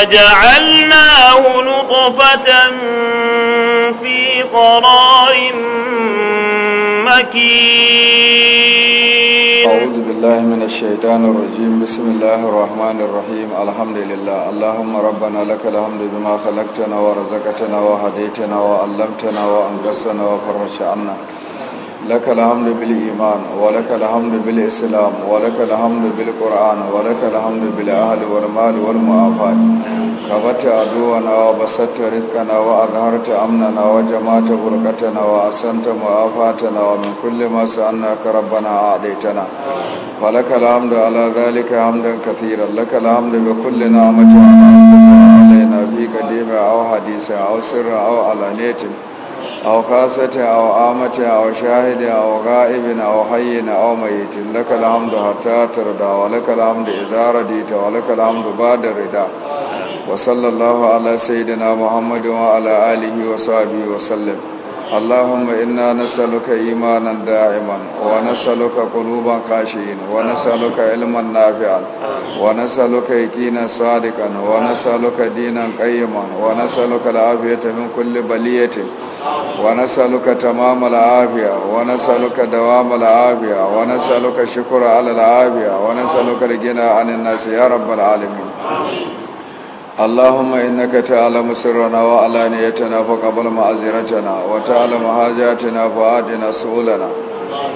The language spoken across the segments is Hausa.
فجعلناه نطفة في قرار مكين أعوذ بالله من الشيطان الرجيم بسم الله الرحمن الرحيم الحمد لله اللهم ربنا لك الحمد بما خلقتنا ورزقتنا وهديتنا وعلمتنا وأنقصنا وفرشعنا عنا لك الحمد بالإيمان ولك الحمد بالإسلام ولك الحمد بالقرآن ولك الحمد بالأهل والمال والمعافات كبت عدونا وبسطت رزقنا وأظهرت أمننا وجمعت بركتنا وأحسنت معافاتنا ومن كل ما سألناك ربنا أعطيتنا ولك الحمد على ذلك حمدا كثيرا لك الحمد بكل نعمة علينا في قديم أو حديث أو سر أو علانية أو خاصة أو آمة أو شاهد أو غائب أو حي أو ميت لك الحمد حتى ترضى ولك الحمد إذا رديت ولك الحمد بعد الرضا وصلى الله على سيدنا محمد وعلى آله وصحبه وسلم اللهم إنا نسألك إيمانا دائما ونسألك قلوبا خاشئين ونسألك علما نافعا ونسألك يقينا صادقا ونسألك دينا قيما ونسألك العافية من كل بلية ونسألك تمام العافية ونسألك دوام العافية ونسألك شكر على العافية ونسألك الغنى عن الناس يا رب العالمين اللهم إنك تعلم سرنا وعلانيتنا فقبل معذرتنا وتعلم حاجاتنا فعادنا سؤلنا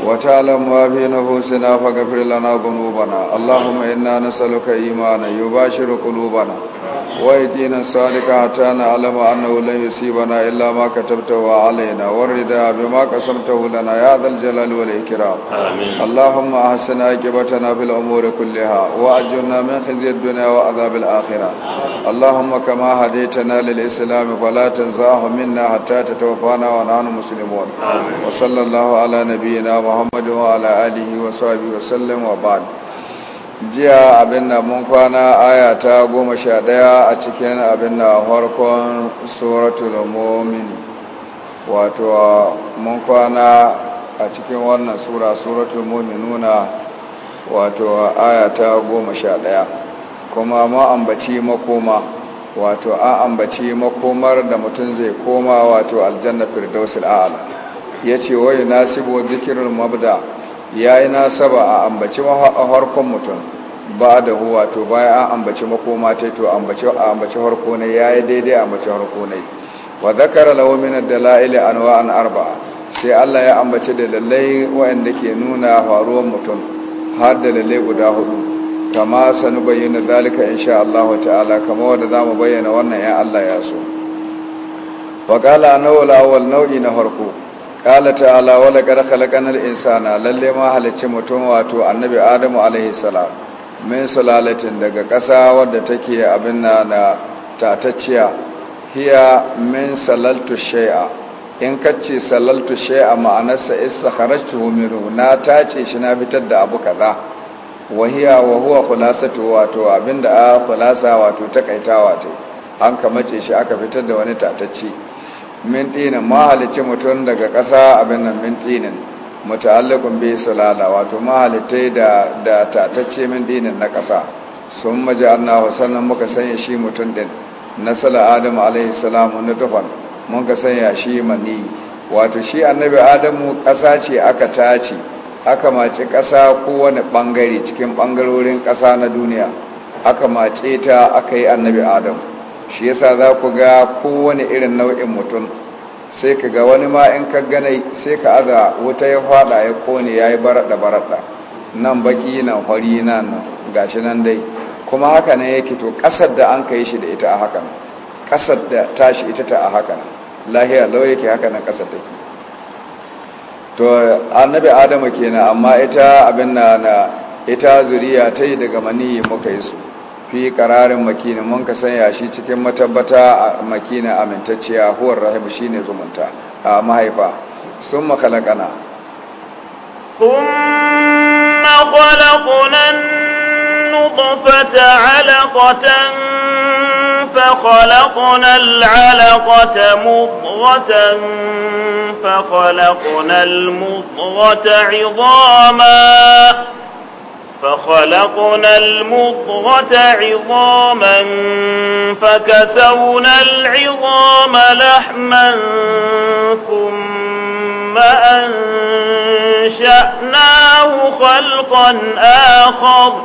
وتعلم ما في نفوسنا فاغفر لنا ذنوبنا اللهم إنا نسألك إيمانا يباشر قلوبنا ويدينا صادقا حتى نعلم أنه لن يصيبنا إلا ما كتبته علينا والرداء بما قسمته لنا يا ذا الجلال والإكرام آمين. اللهم أحسن عاقبتنا في الأمور كلها وأجرنا من خزي الدنيا وعذاب الآخرة اللهم كما هديتنا للإسلام فلا تنزعه منا حتى تتوفانا ونحن مسلمون آمين. وصلى الله على نبينا Muhammadu alihi wa sahbihi wa sallam wa ba'd jiya abin da mun kwana aya ta goma sha ɗaya a cikin abin da farkon suratul mu'min wato mun kwana a cikin wannan sura suratul mominuna wato aya ta goma sha ɗaya kuma ma ambaci makoma wato an ambaci makomar da mutum zai koma wato aljanna firdausul a'ala ya ce wai nasibu zikirin mabda ya yi nasaba a ambaci harkon mutum ba da huwa to bayan an ambaci makoma ta to ambaci harko ya yi daidai ambaci harko ne wa zakara la'ili a dalail an arba'a sai Allah ya ambaci da lallai wa'anda ke nuna faruwar mutum har da lallai guda hudu kama sanu bayyana zalika sha Allah ta'ala kama wanda mu bayyana wannan ya Allah ya so wa qala nau'i na harko ƙala ta'ala wala ƙar halakanar insana lalle ma halicci mutum wato annabi adamu alaihi salam min sulalatin daga ƙasa wadda take abin na na tatacciya hiya min salaltu shay'a in kace salaltu shai'a ma'anarsa isa kharajtuhu minhu na tace shi na fitar da abu kaza wa hiya wa huwa khulasatu wato abinda a khulasa wato takaitawa ta an kamace shi aka fitar da wani tatacci mintina tinin mahalicci mutum daga ƙasa abin nan min tinin bi salala wato mahalittai da da tatacce min dinin na ƙasa sun maja'alna sannan muka sanya shi mutum din sala adamu alaihi salamu na dufan mun ka sanya shi mani wato shi annabi adamu ƙasa ce aka tace aka mace ƙasa kowane ɓangare cikin ɓangarorin ƙasa na duniya aka mace ta aka yi annabi adamu shi yasa za ku ga kowane irin nau'in mutum sai ka ga wani ma in ka gane sai ka aza wuta ya fada ya kone ya yi baraɗa baraɗa nan baki nan hori nan ga gashi nan dai kuma haka nan yake to ƙasar da an ka yi shi da ita a haka nan ƙasar da tashi ita ta a haka nan lahiya lau yake haka nan ƙasar take to annabi adamu kenan amma ita abin na ita zuriya ta yi daga maniyi muka yi su fi kararin makina mun ka sanya shi cikin matabbata a makina amintacciya huwar rahim shi ne zumunta a mahaifa sun makalakana ثم خلقنا النطفة علقة فخلقنا العلقة مضغة فخلقنا المضغة عظاما فخلقنا المضغة عظاما فكسونا العظام لحما ثم أنشأناه خلقا آخر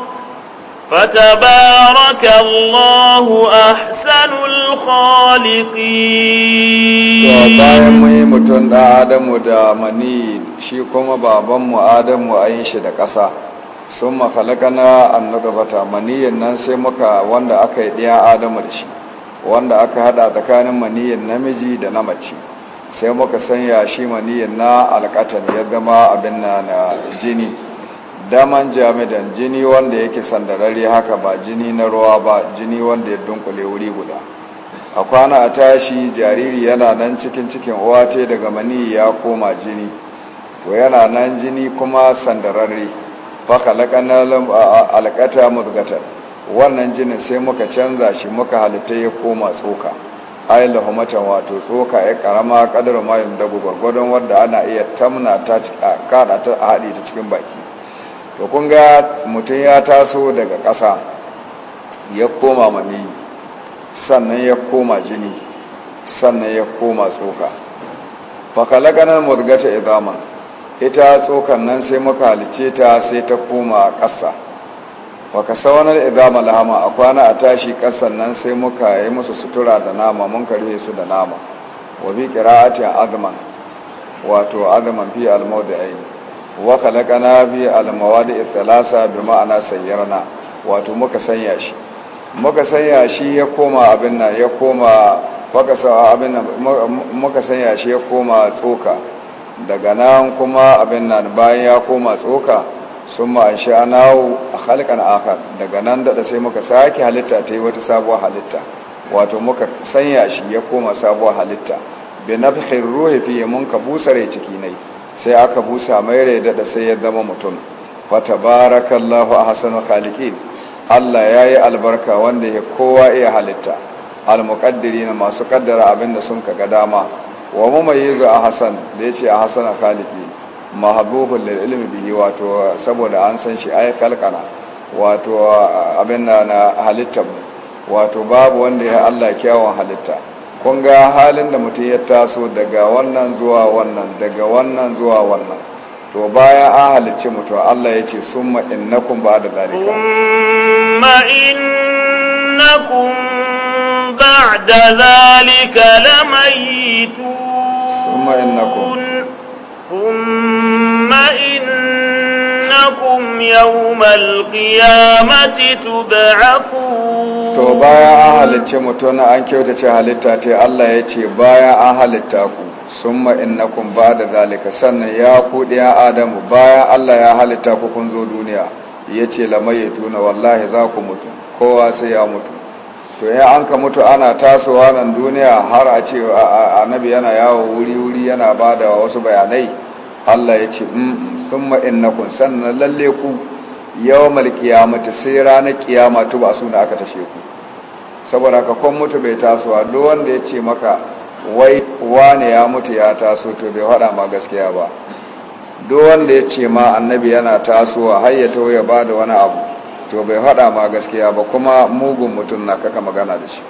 فتبارك الله أحسن الخالقين bayan mun yi mutum da Adamu da mani shi kuma babanmu Adamu a yin shi da ƙasa sun makalakana annugabata maniyyar nan sai muka wanda aka yi ɗaya adamu da shi wanda aka hada tsakanin maniyyar namiji da na mace sai muka sanya shi maniyyar na alkatan ya zama abin na na jini daman jami'an jini wanda yake sandarari haka ba jini na ruwa ba jini wanda ya dunkule wuri guda a kwana a tashi jariri yana nan cikin cikin uwa ce daga mani ya koma jini to yana nan jini kuma sandararre fakalakana alƙata mudgatar wannan jinin sai muka canza shi muka halitta ya koma tsoka ai lahumatan wato tsoka ya karama kadar mayum dagu gwargwadon wadda ana iya tamna ta kada ta haɗe ta cikin baki to kun ga mutum ya taso daga ƙasa ya koma mami sannan ya koma jini sannan ya koma tsoka fakalakanar mudgata idaman ita tsokan nan sai muka halice ta sai ta koma ƙasa wa ka wani idama lahama a kwana a tashi ƙasan nan sai muka yi musu sutura da nama mun karfe su da nama wa bi qira'atin azman wato azman fi al-mawdi'ain wa khalaqana bi al-mawadi'i thalasa bi ma'ana sayyarna wato muka sanya shi muka sanya shi ya koma abin nan ya koma muka sanya shi ya koma tsoka daga nan kuma abin nan bayan ya koma tsoka sun ma shi nawo a halkan akar daga nan daɗa sai muka sake halitta ta yi wata sabuwa halitta wato muka sanya shi ya koma sabuwa halitta bi nafkhir ya fiye mun ka rai ciki nai sai aka busa mai rai daɗa sai ya zama mutum Wata fa a Hassan khaliqin Allah ya yi albarka wanda ya kowa iya halitta almuƙaddiri na masu kaddara abin da sun ga dama wa a hassan da ya ce a hassan a khaliki lil ilmi bihi wato saboda an san shi ay khalqana wato abin na halitta mu wato babu wanda ya Allah kyawun halitta kun ga halin da mutum ya taso daga wannan zuwa wannan daga wannan zuwa wannan to baya an halicci mutum Allah ya ce summa innakum ba da zalika ba da zalika ثم إنكم ثم إنكم يوم القيامة تبعثون to bayan an halicce mutum an kyautace halitta ta Allah ya ce bayan an halitta ku summa innakum ba'da zalika sannan ya ku adamu bayan Allah ya halitta ku kun zo duniya ya ce lamayyato na wallahi za ku mutu kowa sai ya mutu to ya an ka mutu ana tasowa nan duniya har a ce annabi yana yawo wuri-wuri yana ba da wasu bayanai allah ya ce sun mm, ma'innakun mm, sannan lalle ku yawon malkiyamata sai ranar kiyama tu ba suna aka tashe ku saboda ka kwan mutu bai tasowa duk wanda ya ce maka wai wane ya mutu ya taso to bai hada ma gaskiya ba duk wanda ya ce ma annabi yana tasowa har ya taho ya ba da wani abu to bai haɗa ma gaskiya ba kuma mugun mutum na kaka magana da shi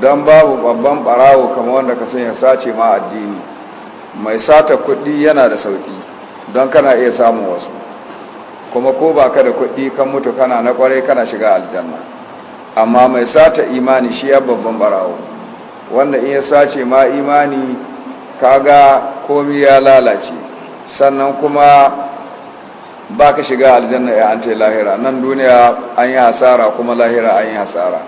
don babu babban barawo kama wanda ka sun ya sace ma addini mai sata kuɗi yana da sauƙi don kana iya samun wasu kuma ko ba ka da kuɗi kan mutu kana na ƙwarai kana shiga aljanna amma mai sata imani shi ya babban barawo, wanda iya sace ma imani kaga komi ya lalace sannan kuma ba ka shiga aljanna ya an lahira nan duniya an yi hasara kuma lahira an yi hasara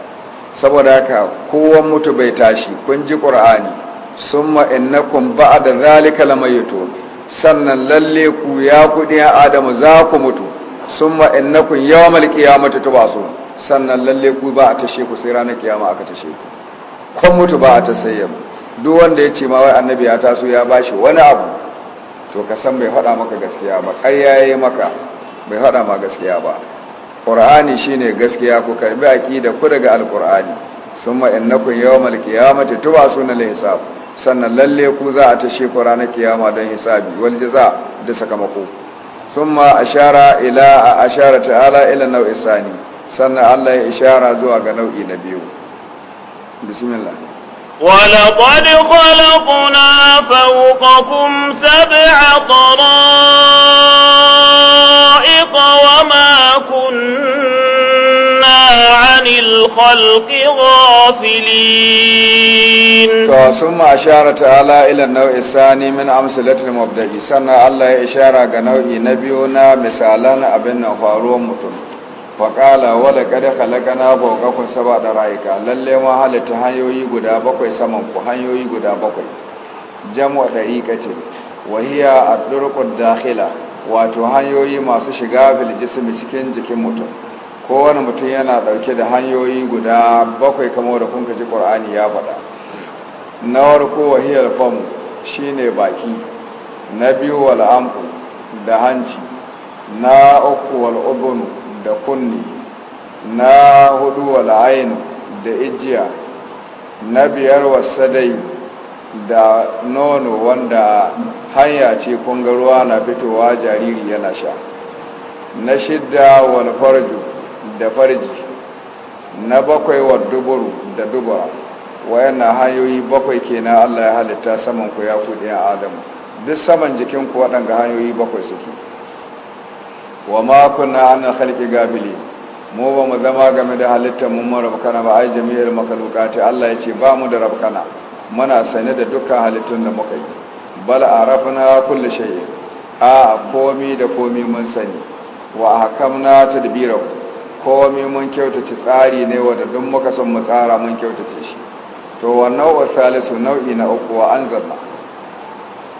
saboda haka kowan mutu bai tashi kun ji ƙur'ani sun ma'inakun ba da zalika lamayyato sannan lalle ku ya kuɗi adamu za ku mutu sun ma'inakun yawa malki ya mutu ta basu sannan lalle ku ba a tashe ku sai ranar kiyama aka tashe ku kun mutu ba a tasayyamu duk wanda ya ce ma wai annabi ya taso ya bashi wani abu to ka san bai hada maka gaskiya ba ƙarya ya yi maka bai hada ma gaskiya ba ƙur'ani shine gaskiya ku karbi aƙida ku daga alƙur'ani summa innakum yawmal qiyamati tubasuna lil hisab sannan lalle ku za a tashe ku ranar kiyama don hisabi wal jaza da sakamako summa ashara ila ashara ta'ala ila nau'i sani sannan Allah ya ishara zuwa ga nau'i na biyu bismillah ولقد خلقنا فوقكم سبع طرائق وما كنا عن الخلق غافلين to sun ma ashara ta'ala ila nau'i sani min amsalatil mubda'i sannan Allah ya ishara ga nau'i na biyu na misalan abin nan mutum faƙala wadda kada halakana bauƙakun saba da rayuka lalle ma halitta hanyoyi guda bakwai saman ku hanyoyi guda bakwai jamo ɗari ce wahiya a ɗurkun dakhila wato hanyoyi masu shiga biljisimi cikin jikin mutum kowane mutum yana ɗauke da hanyoyi guda bakwai kamar da kun ji ƙur'ani ya faɗa na farko wahiyar shi ne baki na biyu wal'amfu da hanci na uku wal'ubunu da kunni na hudu wal ayin da ijiya na biyar wasadai da nono wanda hanya ce ga ruwa na fitowa jariri yana sha na shidda wal farju da farji na bakwai wa duburu da dubura wayanna hanyoyi bakwai kenan Allah ya halitta saman ku ya kudi Adamu duk saman jikin ku waɗanga hanyoyi bakwai suke wa ma kunna an khalqi gabili mu ba mu zama game da halittar mu rabkana ba ai jami'ar makhluqati Allah ya ce ba mu da rabkana muna sane da dukkan halittun da muka yi bal arafna kulli shay'in a komi da komi mun sani wa hakamna tadbira komi mun kyautace tsari ne wanda duk muka son mu tsara mun kyautace shi to wannan wasalisu nau'i na uku wa anzalna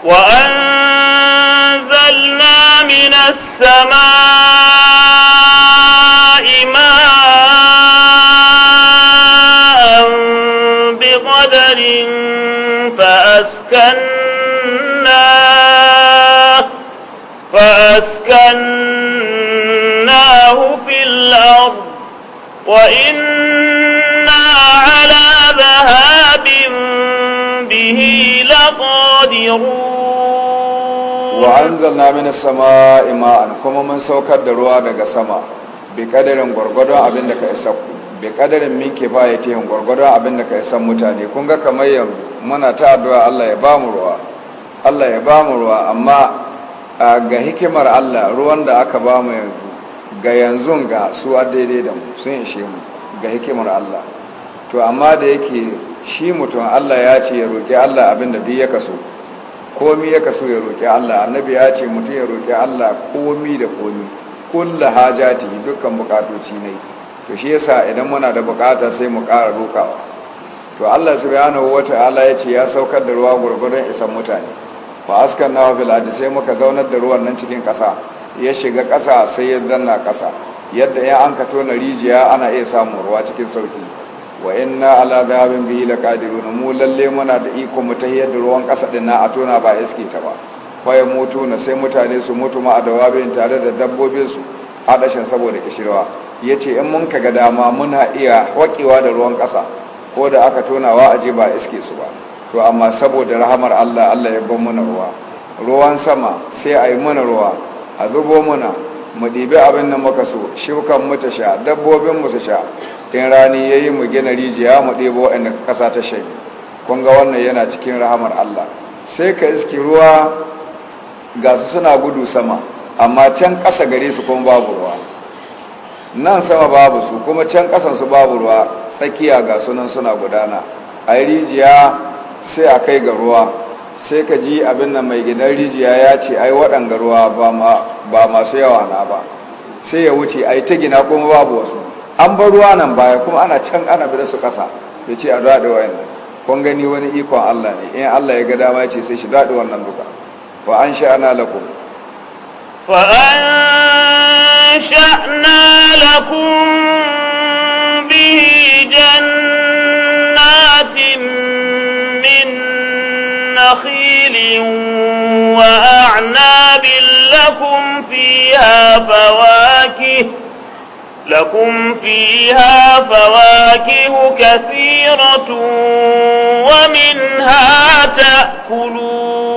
وأنزلنا من السماء ماء بقدر فأسكناه فأسكناه في الأرض وإنا على ذهاب به لقادرون wa na minas sama'i kuma mun saukar da ruwa daga sama bi kadarin gwargwadon abin da ka isa ku bi kadarin min tehin gwargwadon abin da ka isa mutane kun ga kamar yanzu muna ta addu'a Allah ya ba mu ruwa Allah ya ba mu ruwa amma ga hikimar Allah ruwan da aka ba mu yanzu ga yanzu ga su a daidai da mu sun ishe mu ga hikimar Allah to amma da yake shi mutum Allah ya ce ya roƙi Allah abin da duk ya kaso komi ya kaso ya roƙi Allah annabi ya ce mutum ya roƙi Allah komi da komi kulla hajati dukkan bukatoci ne to shi yasa idan muna da bukata sai mu ƙara roƙawa to Allah subhanahu wata'ala ya ce ya saukar da ruwa gwargwadon isan mutane fa askan na fil adi sai muka zaunar da ruwan nan cikin ƙasa ya shiga ƙasa sai ya danna ƙasa yadda ya an ka tona rijiya ana iya samun ruwa cikin sauki wa inna ala dhabin bihi laqadirun mu lalle muna da iko mu tahiyar da ruwan kasa din na a tona ba iske ta ba fa mutu na sai mutane su mutu ma a dawabin tare da dabbobin su a dashin saboda kishirwa yace in mun kaga dama muna iya wakewa da ruwan kasa ko da aka tona tonawa aje ba iske su ba to amma saboda rahamar Allah Allah ya bar mana ruwa ruwan sama sai ayi mana ruwa a zubo mana mu ɗibi abin da muka so shukan mu ta sha dabbobin mu su sha in rani yayi mu gina rijiya mu ɗebo waɗanda ƙasa ta shan kun ga wannan yana cikin rahamar Allah sai ka iske ruwa ga su suna gudu sama amma can ƙasa gare su kuma babu ruwa nan sama babu su kuma can ƙasan su babu ruwa tsakiya ga sunan suna gudana a rijiya sai a kai ga ruwa sai ka ji abin nan mai gidan rijiya ya ce ai waɗanga ruwa ba masu yawa na ba sai ya wuce ai ta gina kuma babu wasu an bar ruwa nan baya kuma ana can ana bi su ƙasa ya ce a daɗe wa yanzu. kun gani wani ikon Allah ne in Allah ya ga dama ce sai shi daɗe wannan duka wa an sha ana lakum bi jannatin min نخيل وأعناب لكم فيها فواكه لكم فيها فواكه كثيرة ومنها تأكلون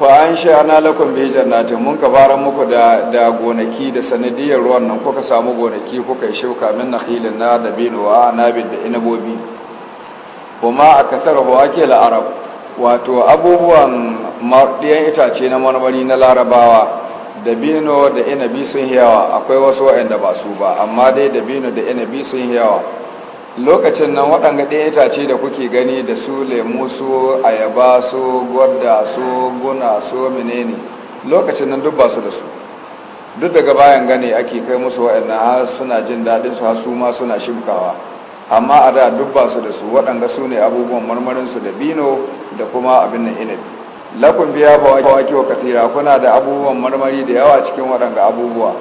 فأنشأنا لكم به جنات من كفار muku da da gonaki da sanadiyar ruwan nan kuka samu gonaki kuka yi shuka min nakhilin na da binuwa nabil da inabobi kuma a kasar wa ake arab wato abubuwan ɗiyan itace na marmari na larabawa da Bino da inabi sun yawa akwai wasu waɗanda ba su ba amma dai da Bino da inabi sun yawa lokacin nan waɗanga ɗaya itace da kuke gani da su lemu su ayaba su gwarda su guna su menene lokacin nan duk ba su da su duk daga bayan gane ake kai musu waɗanda har suna jin daɗinsu har su ma suna shimkawa amma a da duk basu da su waɗanda su ne abubuwan marmarinsu da bino da kuma abin nan inabi lakun biya ba wa wa katira kuna da abubuwan marmari da yawa cikin waɗanda abubuwa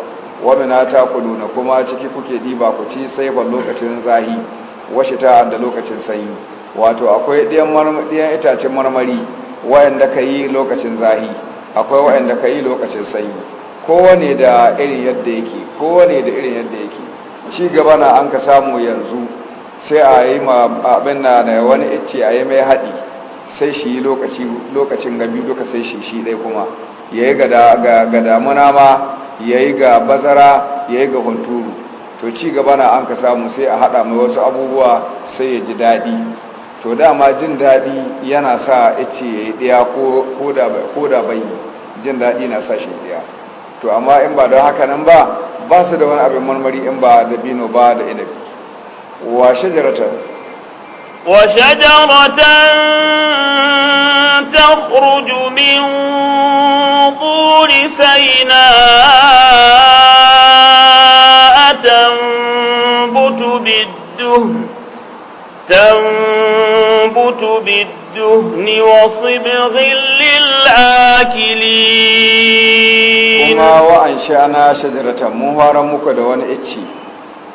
Wani na ta nuna kuma ciki kuke ɗiba ku ci sai ban lokacin zahi washe ta da lokacin sanyi wato akwai ɗiyan itacen marmari wayanda ka yi lokacin zahi akwai wayanda ka yi lokacin sanyi kowane da irin yadda yake kowane da irin yadda yake ci gaba na an ka samu yanzu sai a yi ma abin na da wani icce a yi mai haɗi sai shi yi lokacin gabi duka sai shi shi ɗai kuma ya yi ga damuna ma ya yi ga bazara ya yi ga hunturu to ci gaba na an ka samu sai a haɗa mai wasu abubuwa sai ya ji daɗi to dama jin daɗi yana sa ice ya yi ɗaya ko da bai jin daɗi na sa shi ɗaya to amma in ba don haka nan ba ba su da wani abin marmari in ba da bino ba da inabi wa shajaratan wa shajaratan takhruju min turi sayna tanbutu bidduh تنبت بالدهن وصبغ للآكلين كما وأنشأنا شجرة مهارة مكدوان إتشي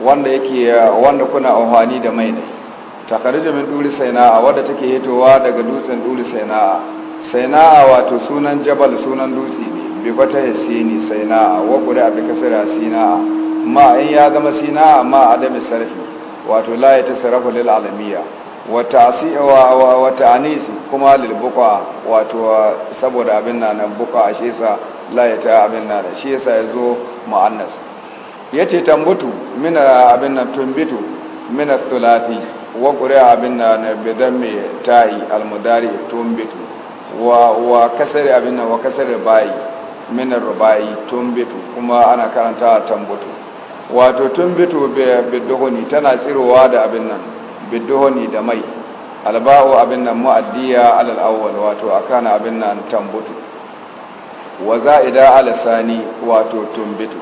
wanda yake wanda kuna amfani da mai ne takarijin min duri saina'a wadda take hitowa daga dutsen duri saina'a saina'a wato sunan jabal sunan dutse ne bi fata hasini saina'a wa qura bi a sina'a ma in ya zama sina'a ma adami sarfi wato la ya tasarrafu lil alamiya wa ta'si'a wa ta'anis kuma lil buqa wato saboda abin nan buqa shi yasa la ya ta abin nan shi yasa yazo mu'annas Ya ce tambutu mina abin nan tumbitu mina thulathi wa qura abin nan bi mai ta'i al mudari tumbitu wa kasari abin nan wa kasari bayi min rubayi tumbitu kuma ana karanta tambutu wato tumbitu bi duhuni tana tsirowa da abin nan bi duhuni da mai alba'u abin nan mu'addiya alal awwal wato akana abin nan tambutu wa za'ida ala wato tumbitu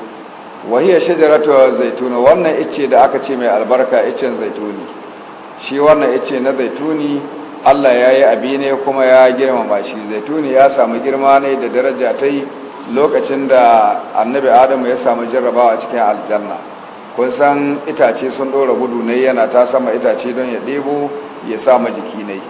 wahiya shajaratu zaituna wannan ice da aka ce mai albarka icen zaituni shi wannan ice na zaituni Allah ya yi abi ne kuma ya girmama shi zaituni ya samu girma ne da daraja ta yi lokacin da annabi adamu ya samu jarrabawa cikin aljanna kun san itace sun ɗora gudu ne yana ta sama itace don ya ɗebo ya sama jiki ne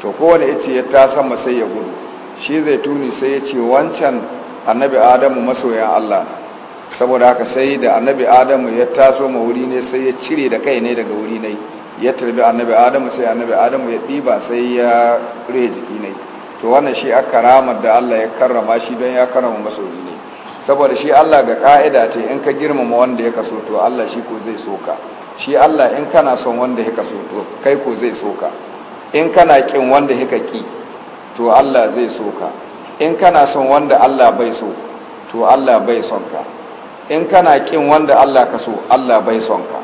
to kowane ice ya ta sama sai ya gudu shi zaituni sai ya ce wancan annabi adamu masoyan Allah na saboda haka sai da annabi adamu ya taso ma wuri ne sai ya cire da kai ne daga wuri ne ya tarbi annabi adamu sai annabi adamu ya ɗiba sai ya rage jiki ne to wannan shi a karamar da allah ya karrama shi don ya karrama masoyi ne saboda shi allah ga ka'ida ce in ka girmama wanda ya kaso to allah shi ko zai soka shi allah in kana son wanda ya kaso to kai ko zai soka in kana kin wanda ya ki to allah zai soka in kana son wanda allah bai so to allah bai son ka in kana kin wanda Allah ka so Allah bai son ka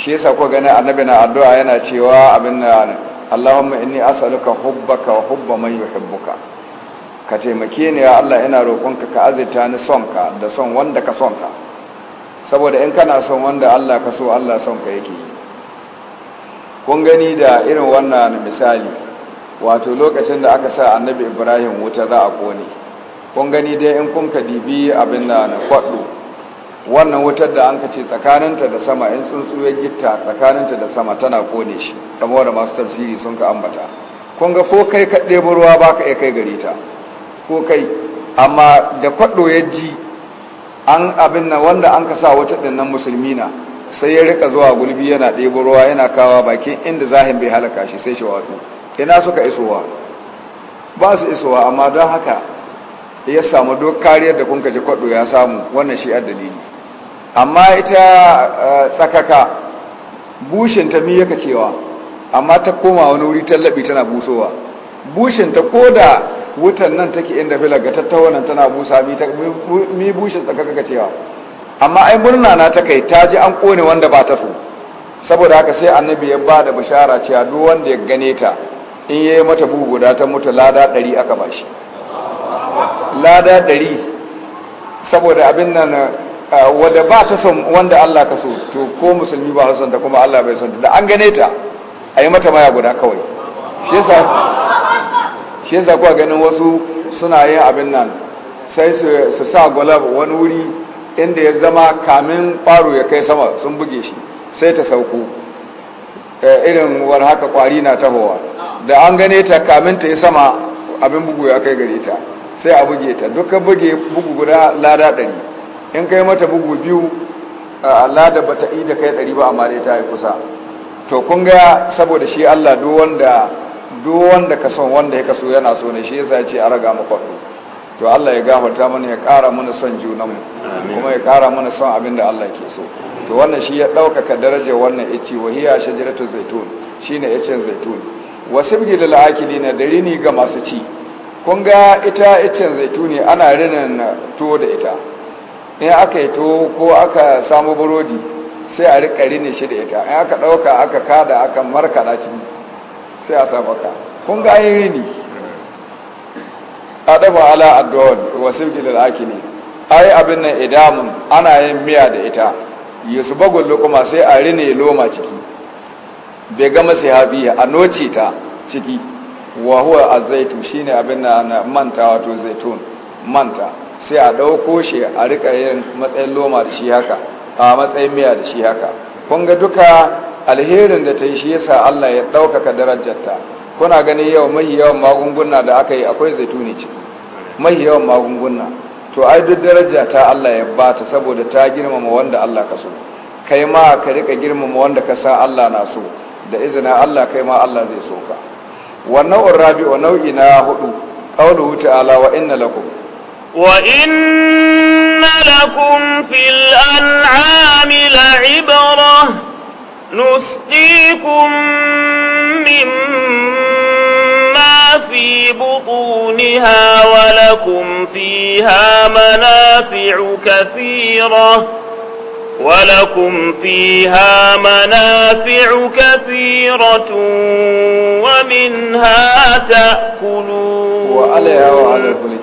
shi yasa ko gani annabi na addu'a yana cewa abin da Allahumma inni as'aluka hubbaka wa hubba man yuhibbuka ka taimake ni ya Allah ina roƙonka ka azita ni son ka da son wanda ka son ka saboda in kana son wanda Allah ka so Allah son ka yake kun gani da irin wannan misali wato lokacin da aka sa annabi Ibrahim wuta za a kone kun gani dai in kun ka dibi abin da na kwaɗo wannan wutar da an ka ce tsakaninta da sama in sun ya gitta tsakaninta da sama tana kone shi kamar da masu tafsiri sun ka ambata kun ga ko kai ka ɗebo ruwa ba ka iya kai gari ta ko kai amma da kwaɗo ya ji an abin nan wanda an ka sa wutar ɗin nan musulmi na sai ya rika zuwa gulbi yana ɗebo ruwa yana kawa bakin inda zahin bai halaka shi sai shi watsu ina suka isowa ba su isowa amma don haka ya samu duk kariyar da kun kaji kwado ya samu wannan shi a dalili amma ita eh, tsakaka bushin ta mi yaka cewa amma ta koma wani wuri tallabi tana busowa bushin ta koda wutan nan take inda filar ga tattawanan tana busa mi bushin tsakaka ka cewa amma ai murna na ta kai ta ji an kone wanda ba ta so saboda haka sai annabi ya ba da bishara cewa duk wanda ya gane ta in yayi mata bugu guda ta mutu lada ɗari aka bashi shi lada ɗari saboda abin nan wadda ba ta son wanda Allah ka so to ko musulmi ba son ta kuma Allah bai son ta da an gane ta a yi mata maya guda kawai shi yasa kuwa ganin wasu suna yin abin nan sai su sa gwalab wani wuri inda ya zama kamin ƙwaro ya kai sama sun buge shi sai ta sauko e, irin war haka kwari na tahowa da an gane ta kamin ta yi sama abin bugu ya kai gare ta sai a buge ta dukkan buge bugu guda lada ɗari in kai mata bugu biyu a lada ba ta yi da kai ɗari ba amma dai ta yi kusa to kun ga saboda shi allah duk wanda ka son wanda ya kaso yana so ne shi yasa ya ce a raga to Allah ya gafarta mana ya ƙara mana son junanmu kuma ya ƙara mana son abin da Allah ke so to wannan shi ya ɗaukaka darajar wannan ici wa hiya shajaratu zaitun shi ne shine ce zaitun wasu bigi la'akili na da rini ga masu ci Kunga ga ita iccen zaituni ana rinan tuwo da ita in aka yi tuwo ko aka samu burodi sai a riƙa rinin shi da ita in aka ɗauka aka kada aka markaɗa ciki sai a sa baka kun ga yi rini a dafa ala addu'on wasu gilil aki ne ai abin nan idamun ana yin miya da ita yusu bagun lokuma sai a rini loma ciki bai gama sai hafi a noce ta ciki wa huwa azaitu shine abin da na manta wato zaitun manta sai a ɗauko shi a rika yin matsayin loma da shi haka a matsayin miya da shi haka kun ga duka alherin da ta yi shi yasa Allah ya ɗaukaka darajarta kuna gani yau mahi yawan magunguna da aka yi akwai zaituni ciki mahi yawan magunguna to ai duk daraja ta Allah ya bata saboda ta girmama wanda Allah ka so kai ma ka rika girmama wanda ka sa Allah na so da izina Allah kai ma Allah zai so ka wa nau'in rabi'u nau'i na hudu qawluhu ta'ala wa inna lakum wa inna lakum fil an'ami la'ibra nusqikum مما في بطونها ولكم فيها منافع كثيره ولكم فيها منافع كثيرة ومنها تأكلون وعليها وعلى الفلك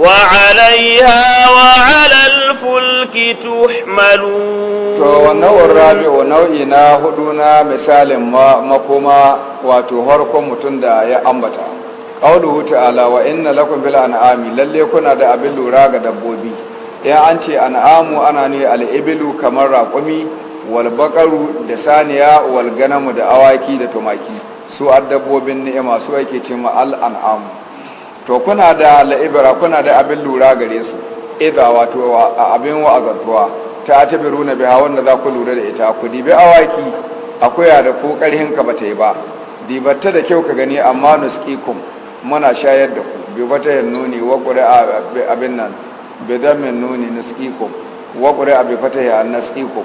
وعليها وعلى الفلك تحملون to wannan rabi'u nau'i na hudu na misalin makoma wato harkon mutum da ya ambata qauluhu ta'ala wa inna lakum bil an'ami lalle kuna da abin lura ga dabbobi ya an ce an'amu ana ne al'ibilu kamar raƙumi walbaƙaru da saniya walganamu da awaki da tumaki su dabbobin ni'ima su ake ce ma to kuna da la'ibira kuna da abin lura gare su idha wato abin wa'azantuwa ta biru na biha wanda za ku lura da ita ku dibi awaki akwai da ko karhin ka bata yi ba dibatta da kyau ka gani amma nuskikum muna shayar da ku bi bata ne wa abin nan bidamin nuni nuskikum wa qura bi fatahi an nuskikum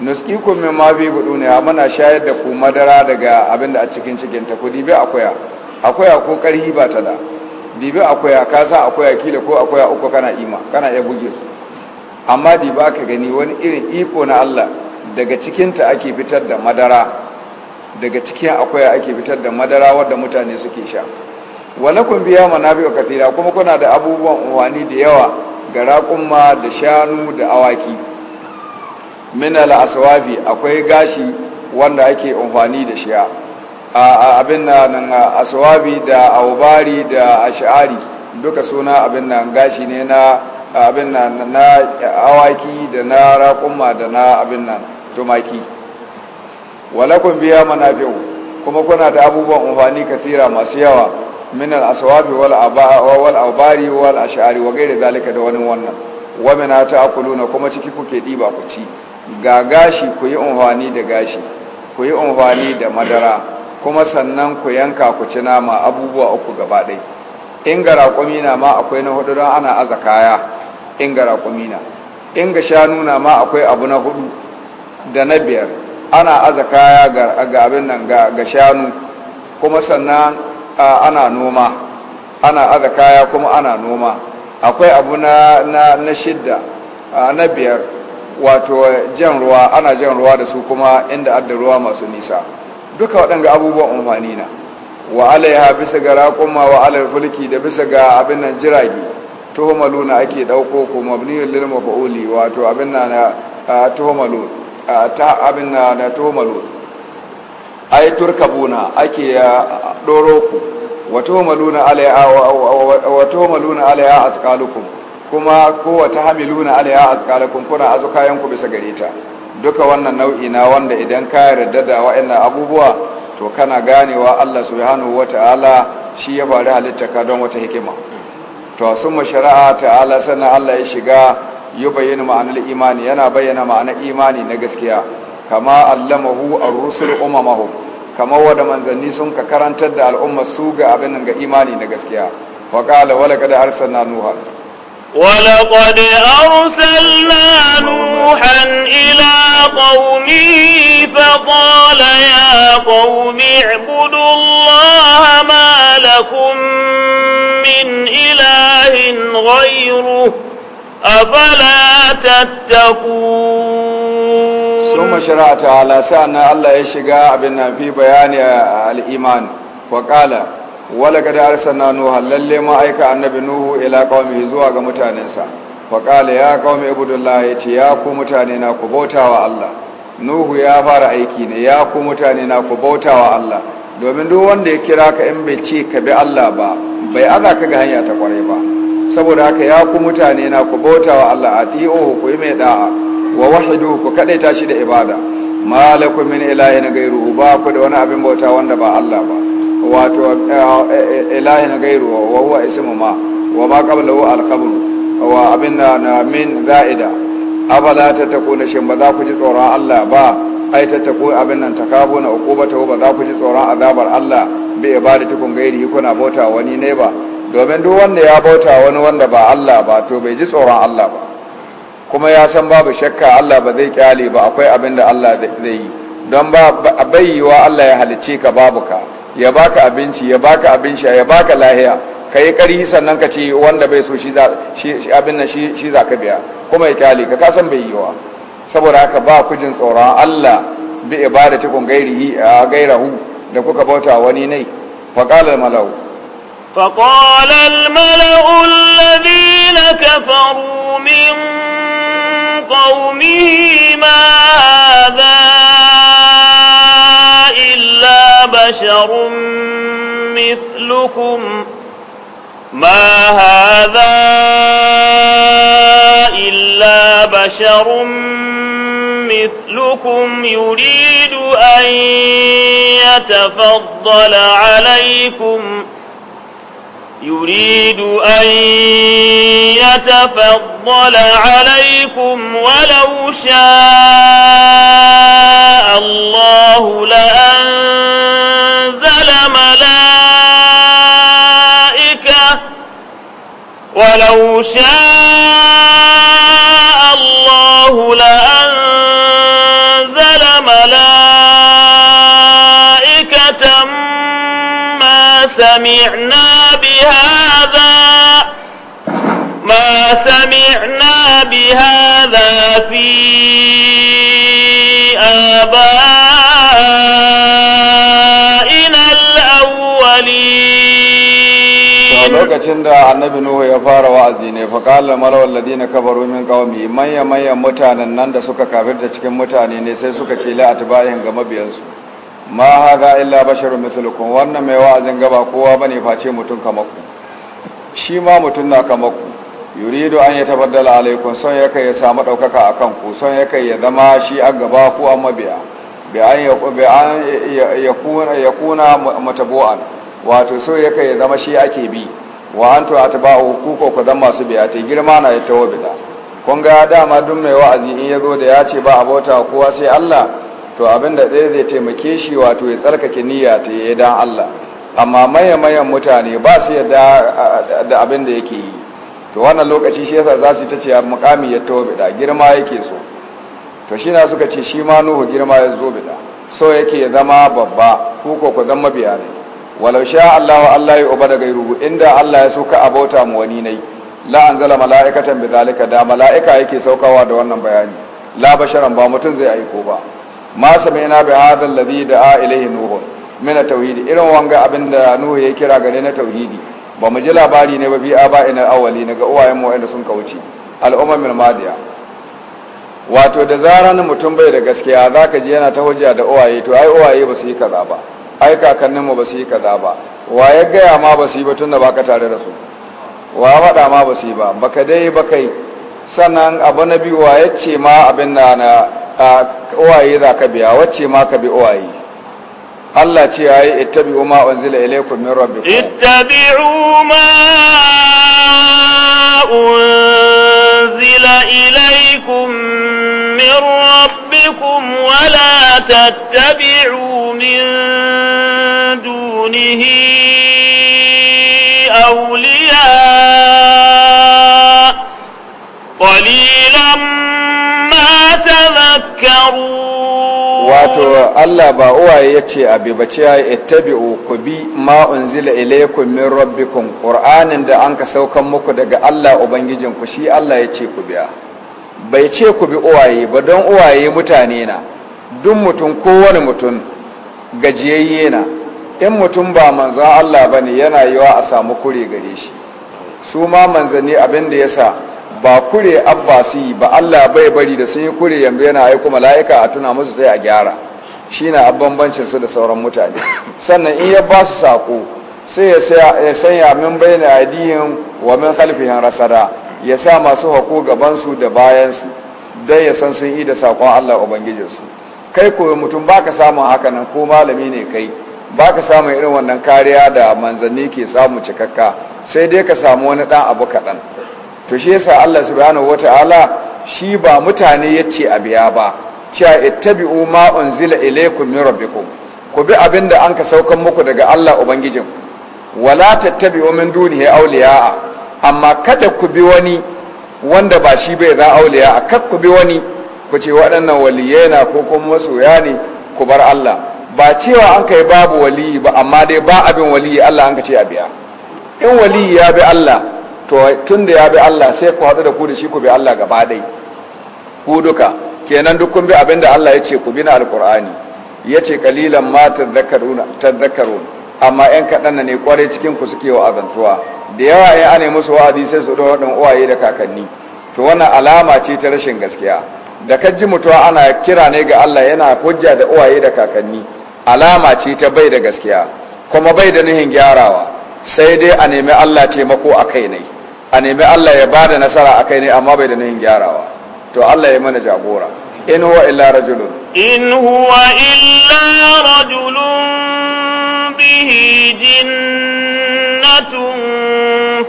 nuskikum min ma bi amma na shayar da ku madara daga abinda a cikin cikin ta ku dibi akoya akoya ko karhi ba ta da dibi akoya ka sa akoya kila ko akoya uku kana ima kana iya buge su amma diba ka gani wani irin iko na Allah daga cikin ta ake fitar da madara daga cikin akoya ake fitar da madara wanda mutane suke sha walakum biya wa kathira kuma kuna da abubuwan uwani da yawa ga da shanu da awaki minal aswafi akwai gashi wanda ake amfani da shiya a abin nan aswafi da aubari da ash'ari duka suna abin nan gashi ne na abin nan na awaki da na raƙumma da na abin nan tumaki walakun biya manafi'u kuma kuna da abubuwan amfani kafira masu yawa min al-aswabi wal aba wal abari wal ash'ari wa gairi zalika da wani wannan wa min ta'kuluna kuma ciki kuke ɗiba ku ci ga gashi ku yi unhwani da gashi ku yi unhwani da madara kuma sannan ku yanka ku ci nama abubuwa uku gaba in ga raƙumi ma akwai na hudu don ana aza kaya in ga raƙumi in ga shanu na ma akwai abu na hudu da na biyar ana aza kaya ga abin nan ga shanu kuma sannan ana noma ana aza kaya kuma ana noma akwai abu na shidda na biyar wato jan ruwa ana jan ruwa da su kuma inda adda ruwa masu nisa duka waɗanga abubuwan amfani na wa alaiha bisa ga raƙumma wa fulki da bisa ga abin nan jirage tuhumaluna ake ɗauko kuma mabniyun lilmafa'uli wato abin na tuhumalu na ai turkabuna ake doro ku wato maluna alaiha wato maluna alaiha asqalukum kuma ko wata hamiluna alaiha asqalukum kuna azu kayan bisa gare duka wannan nau'i na wanda idan ka yarda da wa'annan abubuwa to kana ganewa Allah subhanahu wata'ala shi ya bari halitta ka don wata hikima to sun shari'a ta'ala sannan Allah ya shiga yi bayyana ma'anar imani yana bayyana ma'anar imani na gaskiya kama allamahu ar-rusul umamahu kama wada manzanni sun ka karantar da al'umma su ga abin ga imani na gaskiya wa qala wala kad arsalna nuha ولقد أرسلنا نوحا إلى قومه فقال يا قوم اعبدوا الله ما لكم من إله غيره أفلا تتقون sun mashara ta'ala na Allah ya shiga abin na fi bayani al'iman wa ƙala wala gada arsana nuha lalle ma'aika annabi nuhu ila ƙaumi zuwa ga mutanensa wa ƙala ya ƙaumi ibudullah ya ce ya ku mutane na ku bauta wa Allah nuhu ya fara aiki ne ya ku mutane na ku bauta wa Allah domin duk wanda ya kira ka in bai ce ka bi Allah ba bai aza ka ga hanya ta kwarai ba saboda haka ya ku mutane na ku bauta wa Allah a ku yi mai da'a wa wahidu ku kadaita shi da ibada malakum min ilahin gairu ba ku da wani abin bauta wanda ba Allah ba wato eh, eh, ilahin gairu wa huwa ismu ma wa ma qablahu al-khabru wa abinna na min za'ida afala tattaquna shin ba za ku ji tsoron Allah ba ai tattaku abin nan ta na uqubata ba za ku ji tsoron azabar Allah bi ibadatikum gairihi kuna bauta wani ne ba domin duk wanda ya bauta wani wanda ba Allah ba to bai ji tsoron Allah ba kuma ya san babu shakka Allah ba zai kyale ba akwai abin da Allah zai yi don ba bayyiwa Allah ya halicce ka babu ka ya baka abinci ya baka abin sha ya baka lahiya ka yi sannan ka ce wanda bai so shi abin nan shi za ka biya kuma ya kyale ka kasan bai yiwa saboda haka ba ku jin tsoron Allah bi ibadatikun gairihi a gairahu da kuka bauta wani nai faqala malau فقال الملأ الذين كفروا من قومه ما هذا إلا بشر مثلكم ما هذا إلا بشر مثلكم يريد أن يتفضل عليكم يريد أن يتفضل عليكم ولو شاء الله لأنزل ملائكة ولو شاء الله لأنزل ملائكة ما سمعنا هذا ما سمعنا بهذا في آبائنا lokacin da annabi Nuhu ya fara wa'azi ne fa qala malawal ladina kafaru min qaumi manya manyan mutanen nan da suka kafirta cikin mutane ne sai suka ce la atba'in ga mabiyansu ma haza illa basharun mithlukum wannan mai wa'azin gaba kowa bane face mutum kamar ku shi ma mutum na kamar ku yuridu an ya tabaddala alaikun son ya kai ya samu ɗaukaka a kanku son ya kai ya zama shi a gaba ko an mabiya bai an ya kuna matabu'an wato so ya kai ya zama shi ake bi wa an to a taba hukuku ku zama masu biya ta girma na ya tawo bida kun ga dama duk mai wa'azi in ya zo da ya ce ba a kowa sai allah to abin ɗaya zai taimake shi wato ya tsarkake niyya ta yi dan Allah amma mayan-mayan mutane ba su yadda da abin da yake yi to wannan lokaci shi yasa za su ta ce mukami ya tawo bida girma yake so to shi na suka ce shi ma nuhu girma ya zo bida so yake ya zama babba ko ko ku zama biya ne walau sha Allah ya uba daga rubu inda Allah ya so ka abauta mu wani nai la anzala mala'ikatan bi zalika da mala'ika yake saukawa da wannan bayani la basharan ba mutun zai aiko ba ma samaina bi hadha alladhi da'a ilayhi nuh min tauhidi irin wanga abinda nuh ya kira gare na tauhidi ba mu ji labari ne ba bi aba'in ina awwali ga uwayen mu wanda sun kauce al'ummar madiya wato da zaran mutum bai da gaskiya zaka ji yana ta hujja da uwaye to ai uwaye ba su yi kaza ba ai kakannin mu ba su yi kaza ba wa ya gaya ma ba su yi ba tunda baka tare da su wa fada ma ba su yi ba baka dai ba kai sannan abu na biyu wa ya ce ma abin na uwaye za ka biya wacce ma ka bi uwaye Allah ce ya ittabi'u ma unzila ilaykum min rabbikum ittabi'u ma unzila ilaykum min rabbikum wa la tattabi'u min dunihi awliya qalilan Wato wato ba ba uwaye yace abi bace ya ittabi'u ku bi ma unzila ilaykum min rabbikum qur'anin da ka saukan muku daga Allah ubangijin ku shi Allah yace ku biya bai ce ku bi uwaye ba don uwaye mutane na duk mutum kowane mutum gajiyayye na in mutum ba manzan Allah bane yana yiwa a samu kure gare shi su ma manzanni abin da yasa ba kure abbasi ba Allah bai bari da sun yi kure yanzu yana aiko mala'ika a tuna musu sai a gyara shi na bambancin su da sauran mutane sannan in ya ba su sako sai ya sanya min bayan adiyin wa min khalfihin rasada ya sa masu hako gabansu da bayansu don ya san sun yi da sakon Allah ubangijinsu kai koyo mutum baka samun haka nan ko malami ne kai baka samu irin wannan kariya da manzanni ke samu cikakka sai dai ka samu wani dan abu kaɗan to shi yasa Allah subhanahu wataala shi ba mutane yace a biya ba cewa ittabi'u ma unzila ilaykum min rabbikum ku bi abin da an ka saukan muku daga Allah ubangijin wala tattabi'u min dunihi awliya'a amma kada ku bi wani wanda ba shi bai za awliya'a kada ku bi wani ku ce waɗannan waliyai na ko kuma masoya ne ku bar Allah ba cewa an kai babu waliyi ba amma dai ba abin waliyi Allah an ka ce a biya in waliyi ya bi Allah to tun da ya bi Allah sai ku haɗu da ku da shi ku bi Allah gaba ɗai ku duka kenan duk kun bi abin da Allah ya ce ku bi na alƙur'ani ya ce kalilan ma tadakkarun amma ‘yan kaɗan ne kwarai cikin ku suke wa azantuwa da yawa ya ane musu wa'azi sai su ɗora ɗan uwaye da kakanni to wannan alama ce ta rashin gaskiya da ji mutuwa ana kira ne ga Allah yana hujja da uwaye da kakanni alama ce ta bai da gaskiya kuma bai da nihin gyarawa sai dai a nemi Allah taimako a kai ne a nemi Allah ya ba da nasara a kai ne amma bai da nuhin gyarawa to Allah ya mana jagora in huwa illa rajulun in huwa illa rajulun bihi jinnatun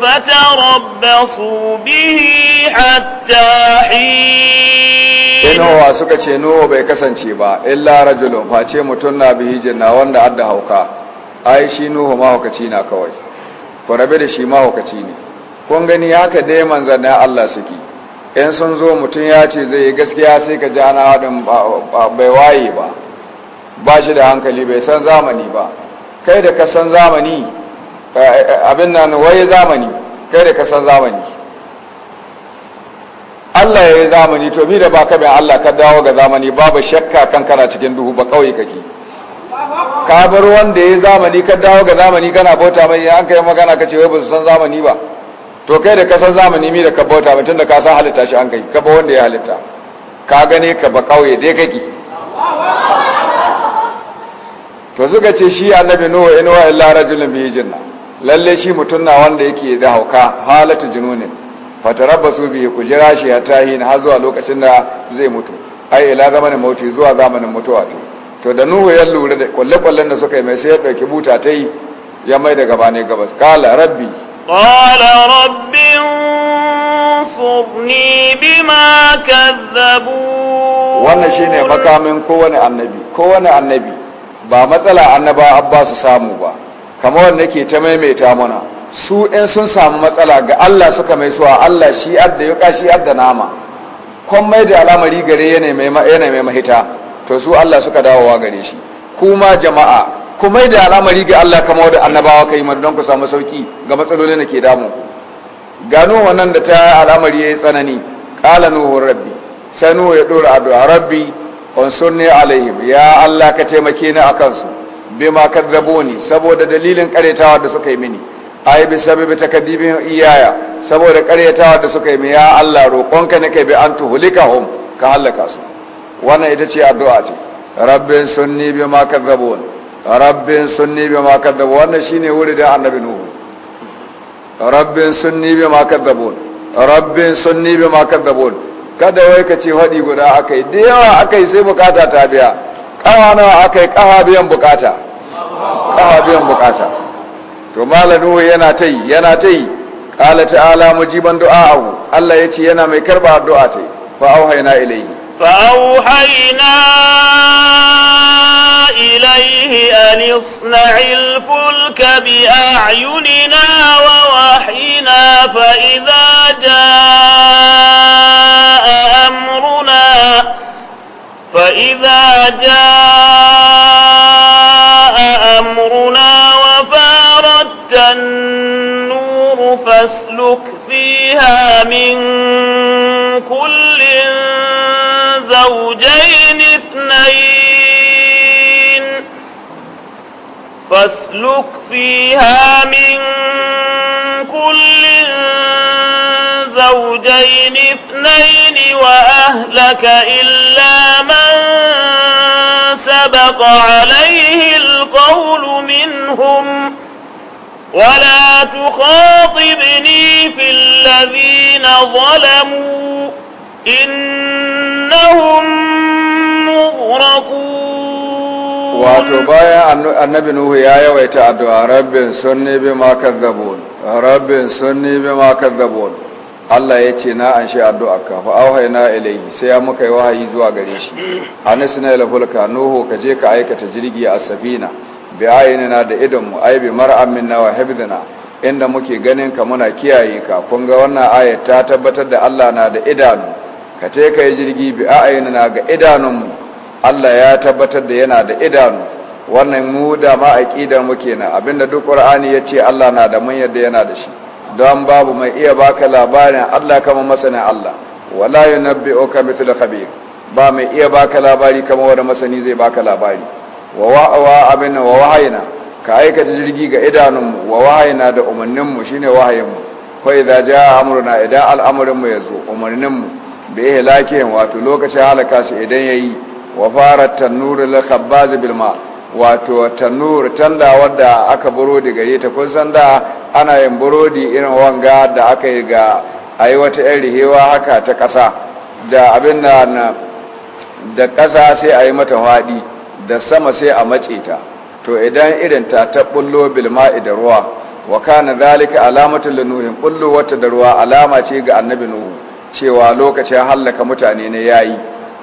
fatarabbasu bihi hatta hin in huwa suka ce nuhu bai kasance ba illa rajulun face mutum na bihi jinna wanda adda hauka ai shi nuhu mahaukaci na kawai ku da shi mahaukaci ne kun gani haka dai manzannin Allah suke in sun zo mutum ya ce zai yi gaskiya sai ka ji na haɗin bai waye ba ba shi da hankali bai san zamani ba kai da ka san zamani eh, eh, abin nan waye zamani kai da ka san zamani Allah ya yi zamani to mi da ba ka bin Allah ka dawo ga zamani babu shakka kan kana cikin duhu ba kawai kake ka bar wanda ya yi zamani ka dawo ga zamani kana bauta mai an kai magana ka ce wai ba su san zamani ba to kai da kasar zamani mi da ka bauta mutum da ka san halitta shi an kai ka ba wanda ya halitta ka gane ka ba kauye dai kake to suka ce shi annabi nuhu in wa illa rajulun bihi jinna lalle shi mutum na wanda yake da hauka halatu jununin fatarabbasu bihi ku jira shi ya tahin har zuwa lokacin da zai mutu ai ila zamanin mauti zuwa zamanin mutuwa to to da nuhu ya lura da kwalle-kwallen da suka yi mai sai ya ɗauki buta ta yi ya mai da gaba ne gabas kala rabbi قال رب انصرني بما كذبوا wannan shine makamin kowane annabi kowane annabi ba matsala annaba abba su samu ba kamar wanda ke ta maimaita mana su in sun samu matsala ga Allah suka mai suwa Allah shi adda yuka shi adda nama kon mai da alamari gare yana mai mahita to su Allah suka dawowa gare shi kuma jama'a ku mai da al'amari ga Allah kamar da annabawa kai mar don ku samu sauki ga matsalolin da ke damu gano wannan da ta al'amari yayi tsanani qala nuhu rabbi sai nuhu ya dora addu'a rabbi sunni alaihim ya Allah ka taimake ni akan su bima ni saboda dalilin karetawa da suka yi mini ai bi sababi takadibin iyaya saboda karyatawa da suka yi mini ya Allah roƙonka kai bi an hom ka halaka su wannan ita ce addu'a ce rabbin sunni bima ni. rabbin sunni bi ma kaddabu wannan shine wuri da annabi nuhu rabbin sunni bi ma kaddabu rabbin sunni bi ma kaddabu kada wai ka ce hadi guda akai da yawa akai sai bukata ta biya kawa nawa akai kawa biyan bukata kawa biyan bukata to malamu yana tai yana tai qala ta'ala mujiban du'a Allah yace yana mai karba addu'a tai fa auhayna ilayhi فأوحينا إليه أن اصنع الفلك بأعيننا ووحينا فإذا جاء أمرنا فإذا جاء أمرنا وفاردت النور فاسلك فيها من كل زوجين اثنين فاسلك فيها من كل زوجين اثنين وأهلك إلا من سبق عليه القول منهم ولا تخاطبني في الذين ظلموا إن wato bayan annabi nuhu ya yawaita addu'a rabbin sunni bima kadzabun rabbin sunni kadzabun Allah ya ce na an shi addu'a ka fa na ilayhi sai ya muka yi wahayi zuwa gare shi Anis ila fulka nuhu ka je ka aikata jirgi a safina bi ayinina da idonmu ai bi mar'an na wa inda muke ganin ka muna kiyaye ka kun ga wannan ayat ta tabbatar da Allah na da idanu ka te ka yi jirgi bi na ga idanunmu Allah ya tabbatar da yana da idanu wannan mu da ma aqidar mu kenan abinda duk qur'ani ya ce Allah na da mun yadda yana da shi don babu mai iya baka labarin Allah kama masanin Allah Walayu na wala yunabbi'uka mithlu khabir ba mai iya baka labari kama wani masani zai baka labari wa wa'awa abin wa wahayina ka aikata jirgi ga idanunmu wa wahayina da umarninmu shine wahayinmu fa idza ja amurna, idan ya zo, umarninmu bi ihlakihin wato lokacin halaka su idan yayi wa fara tanuru lil bilma, bil ma wato tanda wadda aka burodi gare ta kun san da ana yin burodi irin wanga da aka yi ga ayi wata yan rihewa haka ta kasa da abin na da kasa sai a yi mata haɗi, da sama sai a mace ta to idan irin ta tabbullo bil ma'i da ruwa wa kana zalika alamatul nuhin bullo wata da ruwa alama ce ga annabi nuhu cewa lokacin hallaka mutane ne yayi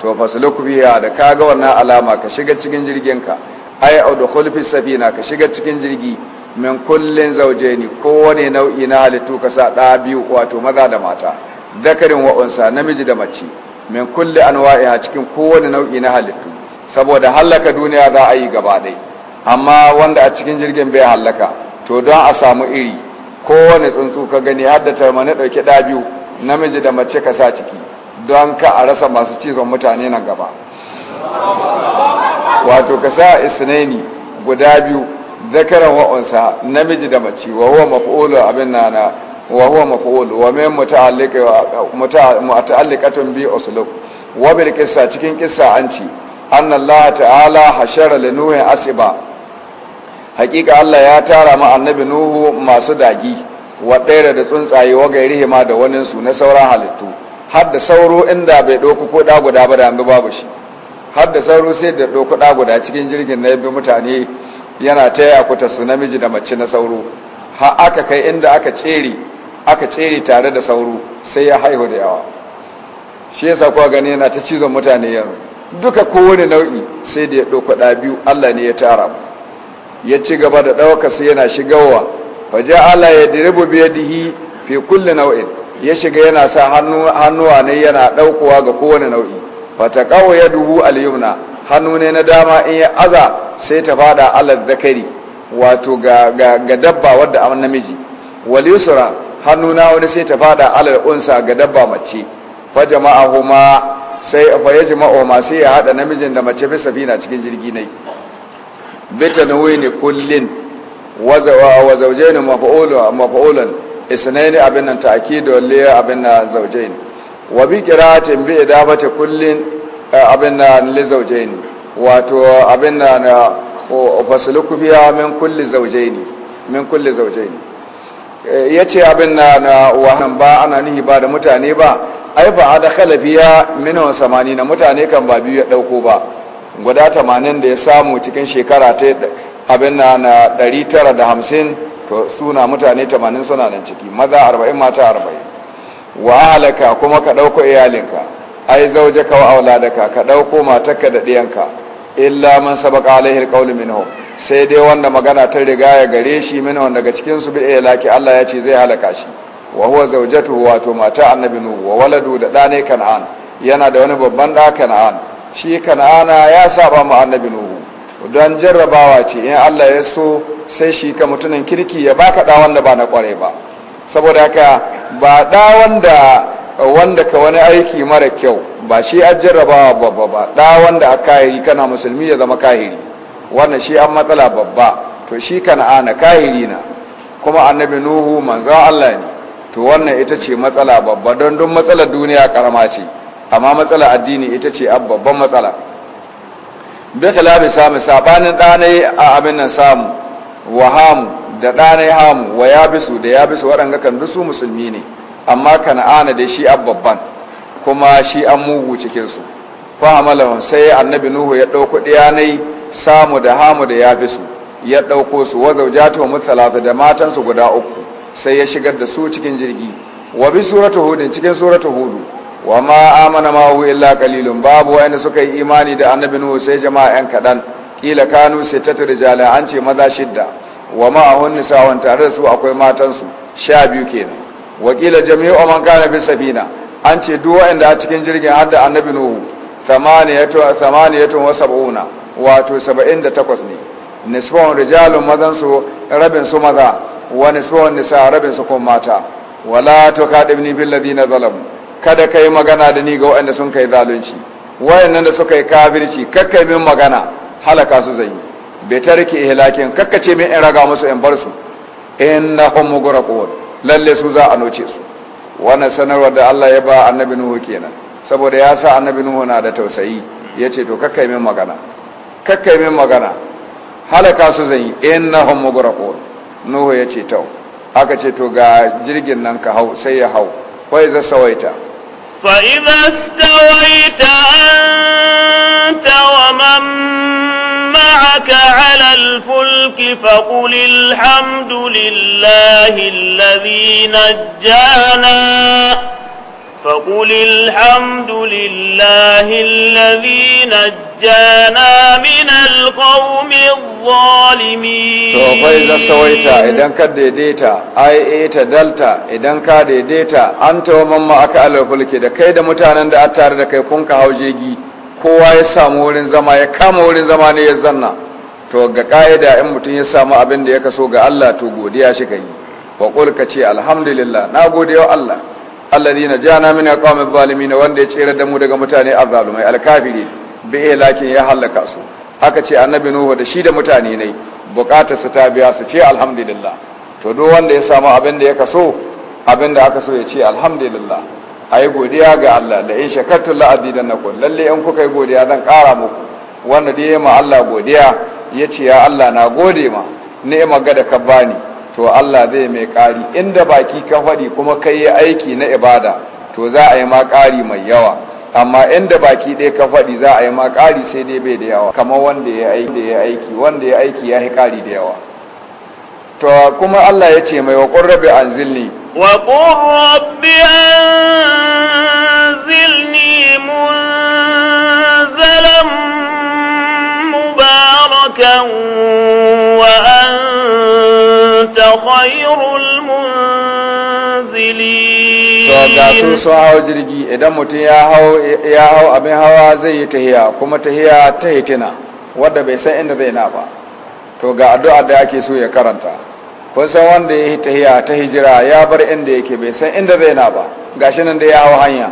to fasluku biya da kaga wannan alama ka shiga cikin jirgin ka ay udkhul fi safina ka shiga cikin jirgi min kullin zawjaini kowane nau'i na halittu ka sa da biyu wato maza da mata dakarin wa unsa namiji da mace min kulli anwa'iha cikin kowane nau'i na halittu saboda hallaka duniya za a yi gaba ɗaya amma wanda a cikin jirgin bai hallaka to don a samu iri kowane tsuntsu ka gani har da tarmani ɗauki ɗa biyu namiji da mace ka sa ciki don ka a rasa masu cizon mutane nan gaba wato ka sa isnaini guda biyu zakaran wa'unsa namiji da mace wa huwa abin na na wa huwa wa mai muta'alliqatun bi uslub wa bil cikin ƙisa an ci an ta'ala hashara li nuhin asiba hakika Allah ya tara ma annabi nuhu masu dagi wa ɗaya da tsuntsaye wa gairi hima da waninsu na sauran halittu har da sauro inda bai ɗauku ko ɗa guda ba da an babu shi har da sauro sai da ɗauku ɗa guda cikin jirgin na yabi mutane yana ta yi kuta su namiji da mace na sauro har aka kai inda aka tsere aka tsere tare da sauro sai ya haihu da yawa shi yasa kuwa gani yana ta cizon mutane yanzu duka kowane nau'i sai da ya ɗauku ɗa biyu allah ne ya tara ya ci gaba da ɗauka sai yana shigarwa waje ala ya diribu biyadihi fi kulli nau'in ya shiga yana sa hannuwa ne yana daukowa ga kowane nau'i fata kawo ya dubu al hannu ne na dama in ya aza sai ta fada alal zakari wato ga dabba wadda an namiji wal yusra hannu na wani sai ta fada alal unsa ga dabba mace fa jama'ahuma sai fa yajma'u sai ya hada namijin da mace bi safina cikin jirgi ne bita ne kullin wa zaujaini mafa'ulun mafa'ulun isnaini abin nan ta'kidu walli abin nan zaujaini wa bi qira'atin bi idabati kullin eh, abin na li zaujaini wato abin na eh, fasluku fiha min kulli zaujaini min kulli zaujaini eh, yace abin wa wahan ba ana nihi ba da mutane ba ai fa da khalafiya minhu samani na mutane kan ba biyu ya dauko ba guda 80 da ya samu cikin shekara ta abin na na 950 to suna mutane 80 suna nan ciki maza 40 mata 40 wa halaka kuma ka ɗauko iyalinka ai zauje ka wa auladaka ka ɗauko matarka da ɗiyanka illa man sabaka alaihi alqawlu minhu sai dai wanda magana ta riga ya gare shi minhum daga cikin su bi Allah ya ce zai halaka shi wa huwa zawjatuhu wato mata annabi nuhu wa waladu da ɗane kan'an yana da wani babban da kan'an shi kan'ana ya saba ma annabi nuhu don jarrabawa ce in Allah ya so sai shi ka mutunan kirki ya baka da wanda ba na kware ba saboda haka ba da wanda wanda ka wani aiki mara kyau ba shi a jarrabawa babba ba da wanda a kahiri kana musulmi ya zama kahiri wannan shi an matsala babba to shi kana ana kahiri na kuma annabi nuhu manzo Allah ne to wannan ita ce matsala babba don duk matsalar duniya karama ce amma matsalar addini ita ce babban matsala bi khilafi sami sabanin ɗanai a abin nan samu wa hamu da ɗanai hamu wa yabisu da yabisu waɗanga kan dusu musulmi ne amma kana'ana da shi babban kuma shi an mugu cikinsu fahimalahun sai annabi nuhu ya dauko diyanai samu da hamu da yabisu ya ɗauko su wa zaujata wa da matansu guda uku sai ya shigar da su cikin jirgi wa bi suratu hudin cikin suratu hudu wa ma amana ma hu illa qalilun babu inda suka yi imani da annabi nuhu sai jama'a yan kadan kila kanu tatu rijala an ce maza shidda wa ma nisa wan tare da su akwai matan su sha biyu kenan wa kila jami'u man kana bi safina an ce duk wanda a cikin jirgin har da annabi nuhu thamaniyatu wato 78 ne nisbun rijalun mazan su rabin su maza wa nisbun nisa rabin su kuma mata wala tukadibni bil ladina zalamu kada ka yi magana da ni ga waɗanda sun kai zalunci waɗannan da suka yi kafirci kakka min magana halaka su zai bai tarki ihlakin ce min in raga musu in bar su innahum mughraqun lalle su za a noce su wannan sanarwar da Allah ya ba annabi nuhu kenan saboda ya sa annabi nuhu na da tausayi yace to kakkai min magana kakkai min magana halaka su zai innahum mughraqun nuhu yace to aka ce to ga jirgin nan ka hau sai ya hau wai sawaita. فإذا استويت أنت ومن معك على الفلك فقل الحمد لله الذي نجانا فقل الحمد لله الذي نجانا من القوم الظالمين to fa idza sawaita idan ka daidaita ai eh, ta dalta idan ka daidaita an wa mamma aka alfulke da kai da mutanen da attare da kai kun ka haujegi kowa ya samu wurin zama ya kama wurin zama ne ya zanna to ga ka'ida in mutum ya samu abin da ya kaso ga Allah to godiya shi ka yi, Faƙul! ka ce alhamdulillah na gode wa Allah alladina jana min alqawmi zalimin wanda ya tsira da mu daga mutane azzalumai alkafiri bi ilakin ya halaka su haka ce annabi nuhu da shi da mutane ne bukatar su ta biya su ce alhamdulillah to duk wanda ya samu abin da ya kaso abin da aka so ya ce alhamdulillah ayi godiya ga Allah Da in shakartu na ku lalle in kuka yi godiya zan kara muku wanda da ya ma Allah godiya ya ce ya Allah na gode ma ni'ima ga da ka bani to Allah zai mai ƙari inda baki ka faɗi kuma ka yi aiki na ibada to za a yi ma ƙari mai yawa amma inda baki ɗaya ka faɗi za a yi ma ƙari sai dai bai da yawa kamar wanda ya aiki wanda ya aiki ya yi ƙari da yawa to kuma Allah ya ce mai wa rabbi anzilni wa rabbi anzilni mun خير المنزلين to ga su su hawo jirgi idan mutum ya hau ya hau abin hawa zai yi tahiya kuma tahiya ta hitina wanda bai san inda zai na ba to ga addu'a da ake so ya karanta kun san wanda ya yi tahiya ta hijira ya bar inda yake bai san inda zai na ba gashi nan da ya hau hanya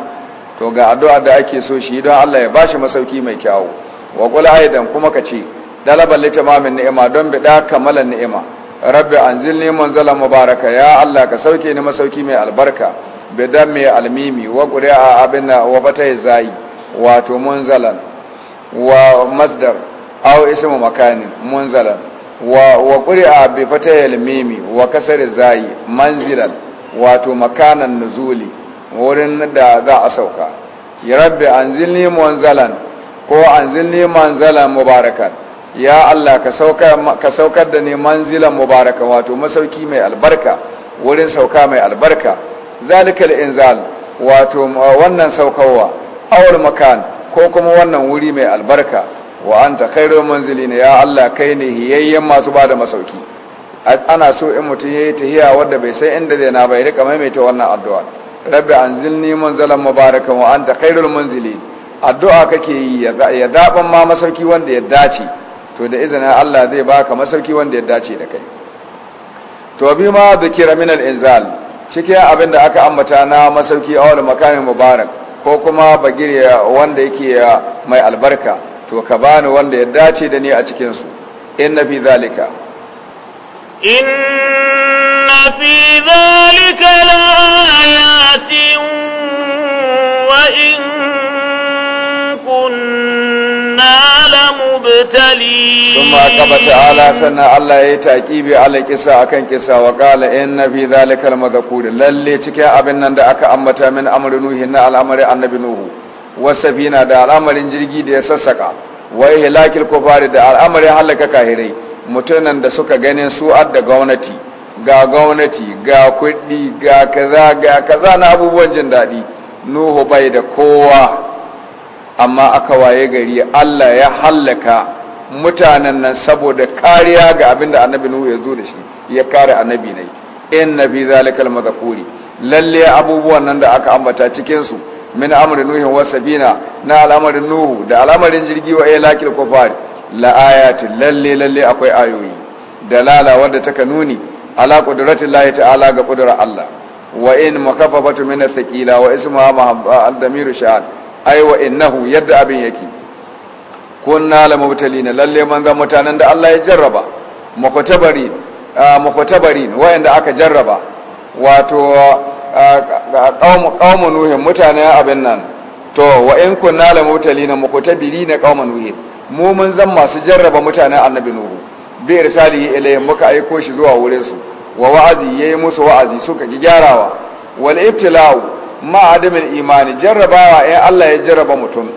to ga addu'a da ake so shi don Allah ya bashi masauki mai kyawu wa qul aidan kuma ka ce dalabal litamamin ni'ima don da kamalan ni'ima rabbi anzilni manzala mubaraka ya Allah ka sauke ni masauki mai albarka bidan mai almimi wa qur'a abinna wa ya zai wato munzalan wa masdar au ismu makanin munzalan wa wa qur'a bi fata almimi wa kasar zai manzilan wato makanan nuzuli wurin da za a sauka ya rabbi anzilni munzalan ko anzilni manzalan mubarakan ya Allah ka saukar da ne manzilan mubaraka wato masauki mai albarka wurin sauka mai albarka zalikal inzal wato uh, wannan saukarwa awar makan ko kuma wannan wuri mai albarka wa ta khairu manzilin ya Allah kai ne hiyayyen masu bada masauki ana so in mutum yayi tahiya wanda bai san inda zai na bai rika maimaita wannan addu'a rabbi anzilni manzalan mubarakan wa anta khairul manzili addu'a kake yi ya daban ma masauki wanda ya dace to da izinin Allah zai baka masauki wanda ya dace da kai to bi ma zikira min al-inzal cikin abin da aka ambata na masauki a wani makamin mubarak ko kuma bagire wanda yake mai albarka to ka bani wanda ya dace da ni a cikin su inna fi zalika inna fi zalika la ayatin mubtali thumma qaba ta'ala sanna Allah ya bi ala kisa akan kisa wa qala inna fi zalikal madhkur lalle cike abin nan da aka ambata min amrun nuhi na al'amari annabi nuhu wa safina da al'amarin jirgi da ya sassaka wa ihlakil kufar da al'amari halaka kahirai mutanen da suka ganin su adda gwamnati ga gwamnati ga kuɗi ga kaza ga kaza na abubuwan jin daɗi nuhu bai da kowa amma aka waye gari Allah ya hallaka mutanen nan saboda kariya ga abin da annabi nuhu ya zo da shi ya kare annabi ne in na fi zalikal mazakuri lalle abubuwan nan da aka ambata cikin su min amri nuhin wa sabina na al'amarin nuhu da al'amarin jirgi wa ilakil kufar la ayatin lalle lalle akwai ayoyi dalala wadda ta kanuni, ala qudratil lahi ta'ala ga qudrar Allah wa in makafafatu min athqila wa ismuha al-damiru sha'al aiwa innahu yadda abin yake kunna la mubtalina lalle man ga mutanen da Allah ya jarraba makwatabarin makwatabarin wayanda aka jarraba wato qaumu nuhin mutane abin nan to wa in kunna la mubtalina makwatabirin qaumu nuhin mu mun zan masu jarraba mutanen annabi nuhu bi irsalihi ilayhim muka aiko shi zuwa wurin su wa wa'azi yayi musu wa'azi suka ki gyarawa wal ibtila'u ma adamin imani jarrabawa in eh, Allah ya jarraba mutum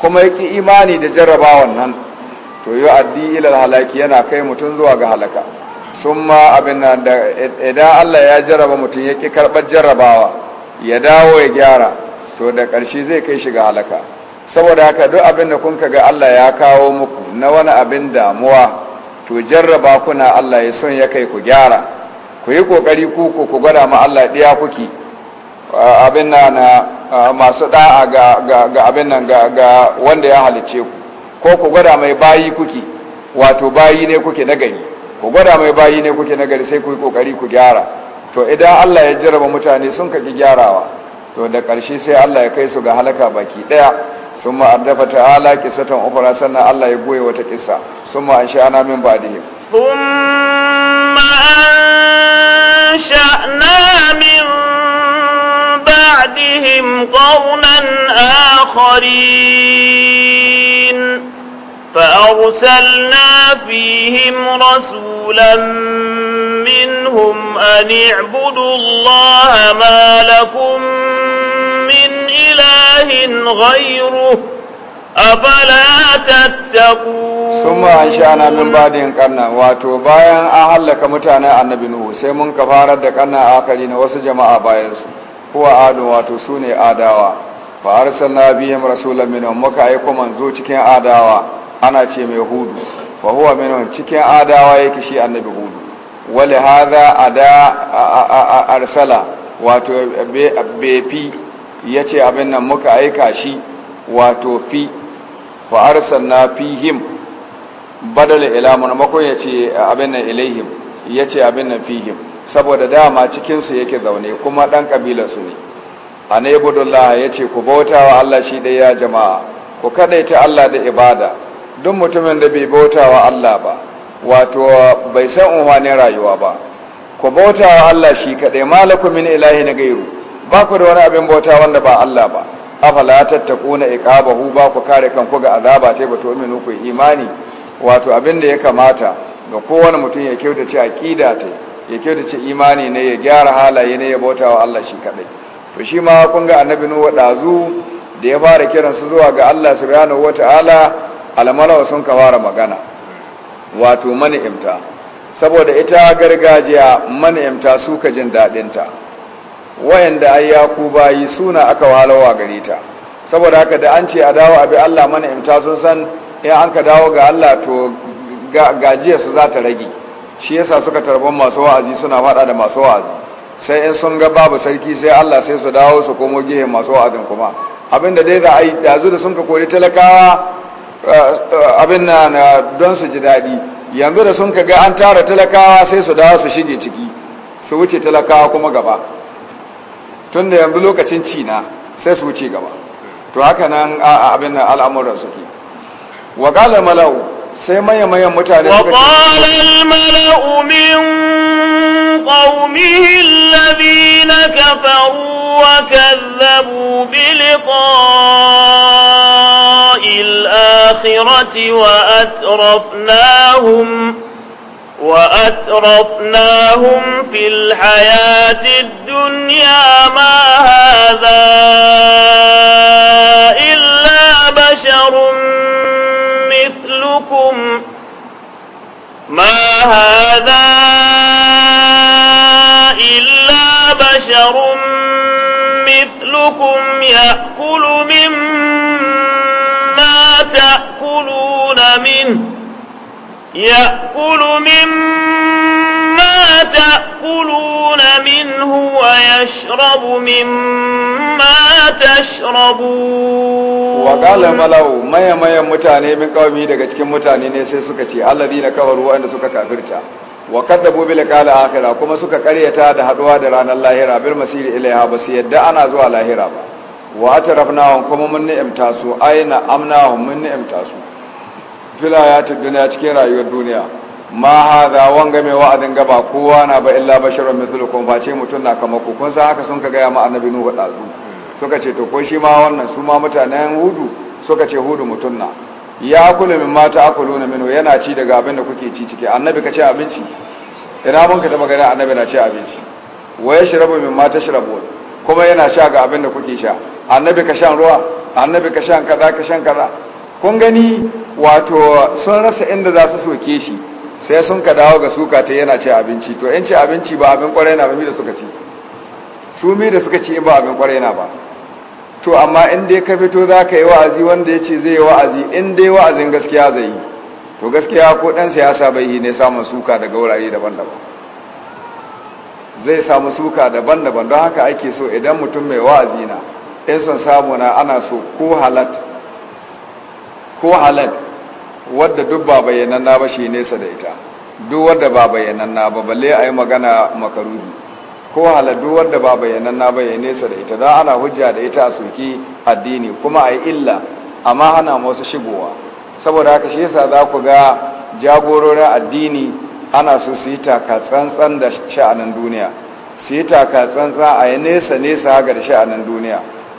kuma ya imani da jarrabawan nan to yi addi ilal halaki yana kai mutum zuwa ga halaka sun ma abin da idan Allah ya jarraba mutum ya ki karɓar jarrabawa ya dawo ya gyara to da ƙarshe zai kai shi ga halaka saboda haka duk abin da kun ga Allah ya kawo muku na wani abin damuwa to jarraba kuna Allah ya son ya kai ku gyara ku yi ƙoƙari ku ku gwada ma Allah ɗiya kuke abin na na eh, eh, masu da'a ga abin nan ga wanda ya halice ku ko ku gwada mai bayi kuke wato bayi ne kuke na gari ku gwada mai bayi ne kuke na gari sai ku yi kokari ku gyara to idan Allah ya jarraba mutane sun kaki gyarawa to da ƙarshe sai Allah ya kai su ga halaka baki daya sun ta ala kisatan ukura sannan Allah ya goye wata kisa sun ma'an ana min ba'dihim sun ma'an sha'ana min عليهم قرنا آخرين فأرسلنا فيهم رسولا منهم أن اعبدوا الله ما لكم من إله غيره أفلا تتقون ثم أنشأنا من بعدهم كنا واتو أهلك متانا النبي نوح سيمون كفارة دكنا آخرين وسجماعة بايا سنة huwa adun wato su ne adawa ba arsalna bihim rasulan minhum muka aiko manzo cikin adawa ana ce mai hudu wa huwa minhum cikin adawa yake shi annabi hudu wali hadha ada arsala wato be fi yace abin nan muka aika shi wato fi fa arsalna fihim badala ila mun makon yace abin nan ilaihim yace abin nan fihim saboda dama cikinsu yake zaune kuma ɗan kabilar su ne a naibudullah ya ce ku bauta wa allah shi ɗaya ya jama'a ku kaɗaita allah da ibada duk mutumin da bai bauta wa allah ba wato bai san unhwanin rayuwa ba ku bauta allah shi kaɗai min ilahi na gairu ba ku da wani abin bauta wanda ba allah ba afala tattakuna iqabahu ba ku kare kanku ga azaba tai ba tu'minu ku imani wato abin da ya kamata ga kowane mutum ya kyautace aqida tai ya kyautace imani ne ya gyara halaye ne ya bauta wa Allah shi kadai to shi ma kun ga annabi nuwa dazu da ya fara kiran su zuwa ga Allah subhanahu ta'ala almalawa sun ka fara magana wato mani'imta saboda ita gargajiya mani'imta su ka jin dadin ta wayanda ayyaku bayi suna aka walawa gare ta saboda haka da an ce a dawo abi Allah mani'imta sun san in an ka dawo ga Allah to gajiya su za ta rage shi yasa suka tarbon masu wa'azi suna fada da masu wa'azi sai in sun ga babu sarki sai Allah sai su dawo su komo gehen masu wa'azin kuma abinda dai za a yi yanzu da sun ka kori talakawa eh, eh, abin na don su ji daɗi yanzu da sun ka ga an tara talakawa sai su dawo su shige ciki su wuce talakawa kuma gaba tun da yanzu lokacin cina sai su wuce gaba to haka nan abin al'amuran suke wa qala mala'u sai mayan mutane قومه الذين كفروا وكذبوا بلقاء الآخرة وأترفناهم وأترفناهم في الحياة الدنيا ما هذا إلا بشر ما هذا إلا بشر مثلكم يأكل مما تأكلون منه يأكل مما تأكلون منه shrabu مما تشربون وقال ملأ ميا ميا متاني من قومي daga cikin mutane ne sai suka ce alladina kafaru wanda suka kafirta wa kaddabu bil qal akhira kuma suka karyata da haɗuwa da ranar lahira bil masiri ilaiha ba su yadda ana zuwa lahira ba wa atarafnahum kuma mun ni'imta su aina amnahum mun ni'imta su fil duniya cikin rayuwar duniya ma hadha wanga mai wa'adin gaba kowa na ba illa basharun mithlukum ce mutun na kamar ku kun san haka sun ka ga ya ma annabi nuhu dazu suka ce to ko shi ma wannan su ma mutanen hudu suka ce hudu mutun na ya kula min mata akuluna minhu yana ci daga abin da kuke ci ciki annabi ka ce abinci ina mun ka taba gani annabi na ce abinci wa shirabu min mata shirabu kuma yana sha ga abin da kuke sha annabi ka shan ruwa annabi ka shan kaza ka shan kaza kun gani wato sun rasa inda za su soke shi sai sun ka dawo ga suka ta yana ce abinci to yan ce abinci ba abin kwarai na ba mi da suka ci su mi da suka ci ba abin kwarai na ba to amma in dai ka fito za ka yi wa'azi wanda ya ce zai yi wa'azi in dai wa'azin gaskiya zai yi to gaskiya ko ɗan siyasa bai yi ne samun suka daga wurare daban-daban zai samu suka daban-daban don haka ake so idan mutum mai wa'azi na in son samu na ana so ko halat ko halal wadda duk ba bayyananna ba shi nesa da ita duk wadda ba bayyananna ba balle a yi magana makaruhi ko halal duk wadda ba bayyananna ba ya nesa da ita don ana hujja da ita a soki addini kuma a yi illa amma hana masu shigowa saboda haka shi yasa za ku ga jagororin addini ana so su yi taka tsantsan da sha'anin duniya su yi taka tsantsan a yi nesa nesa ga da sha'anin duniya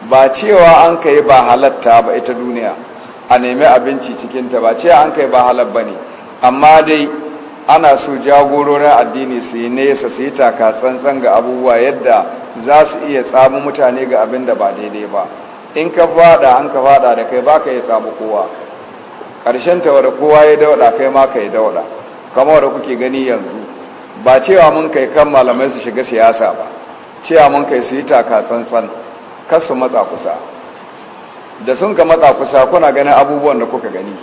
ba cewa an ka yi ba halatta ba ita duniya a nemi abinci cikinta ba ce an kai ba halar ba ne amma dai ana so jagororin addini su yi nesa su yi taka tsantsan ga abubuwa yadda za su iya tsamu mutane ga abin da ba daidai ba in ka fada an ka fada da kai ba ka yi tsamu kowa ƙarshen ta kowa ya dauɗa kai ma ka yi dauɗa kamar da kuke gani yanzu ba cewa mun kai kan malamai su shiga siyasa ba cewa mun kai su yi taka tsantsan kar su matsa kusa da sun ka matsa kusa kuna ganin abubuwan da kuka gani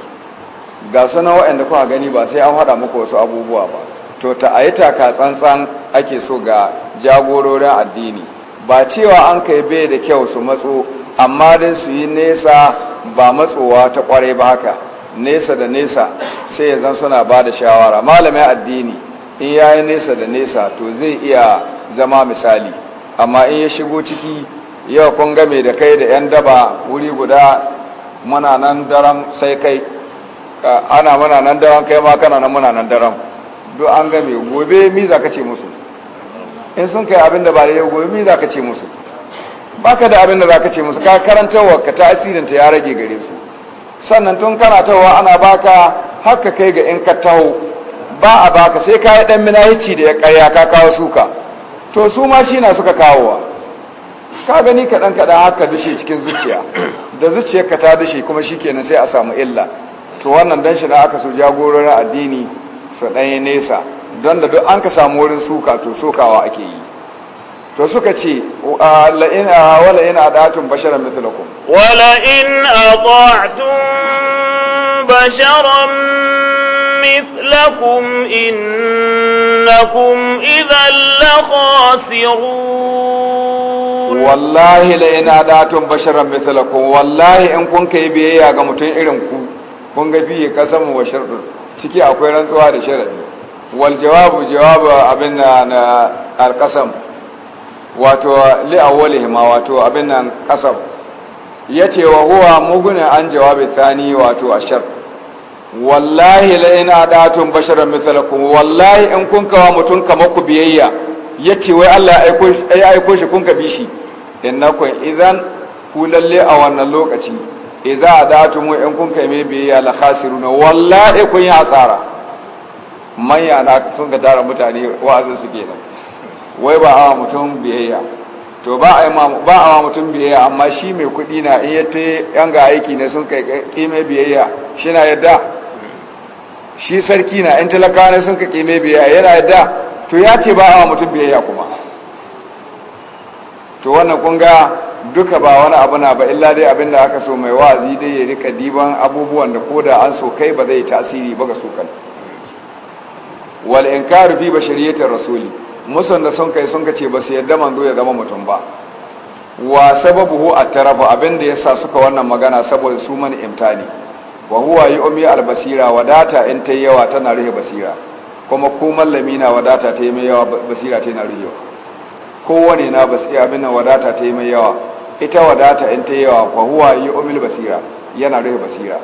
ga suna waɗanda kuka gani ba sai an haɗa muku wasu abubuwa ba to ta a yi taka tsantsan ake so ga jagororin addini ba cewa an kai bai da kyau su matso amma dai su yi nesa ba matsowa ta kwarai ba haka nesa da nesa sai ya zan suna ba da shawara malamin addini in ya yi nesa da nesa to zai iya zama misali amma in ya shigo ciki yau kun game da kai da 'yan daba wuri guda muna nan daren sai kai ana muna nan daren kai ma kana nan muna nan daren duk an game gobe mi za ka ce musu in sun kai abin da ba da yau gobe mi za ka ce musu ba ka da abin da za ka ce musu ka karantarwa ka tasirinta ya rage gare su sannan tun kana tawa ana baka haka kai ga in ka taho ba a baka sai ka yi dan minahici da ya karya ka kawo suka to su ma shi na suka kawowa ka gani kaɗan kaɗan haka dushe cikin zuciya da zuciyarka ta dushe kuma shi shikenan sai a samu illa to wannan dan shi na aka so jagororin addini su ɗanyi nesa don da duk an ka samu wurin suka to sokawa ake yi to suka ce wala in adatun basharan mitulakun wala in adatun basharan مثلكم إنكم إذا لخاسرون والله لئن أداتم بشرا مثلكم والله إن كن كي بيئي أغا متين إرنكو كن بيئي قسم وشر تكي أكويران ثوار هذا والجواب جواب أبن القسم wato ma wato abin nan kasab yace wa huwa mugunan an jawabi thani wato ashar wallahi la ina datun basharan mithalakum wallahi in kun kawa mutun kamar ku biyayya yace wai Allah ya aiko shi ai shi kun ka bi shi innakum idan ku lalle a wannan lokaci a datun mu in kun kai mai biyayya la khasiruna wallahi kun yi asara manya na sun ka tara mutane wa'azin su kenan wai ba a mutum biyayya to ba a ma mutum biyayya amma shi mai kudi na in ya ta yan ga aiki ne sun kai kai mai biyayya shi na yadda shi sarki na yan talakawa sun ka mai biyayya yana yadda to ya ce ba a mutum biyayya kuma to wannan kun duka ba wani abu na ba illa dai abinda aka so mai wa'azi dai ya rika diban abubuwan da koda da an so kai ba zai tasiri ba ga su kan wal inkar fi bashariyatir rasuli musan da sun kai sun ce ba su yadda manzo ya zama mutum ba wa sababu a tarafa abinda yasa suka wannan magana saboda su mani imtani wa huwa yu'mi al-basira wadata in ta yawa tana rihe basira kuma ko mallami na wadata ta yi mai yawa basira ta na rihewa kowane na basira eh, abin wadata ta yi mai yawa ita wadata in ta yawa wa huwa yu'mi basira yana rihe basira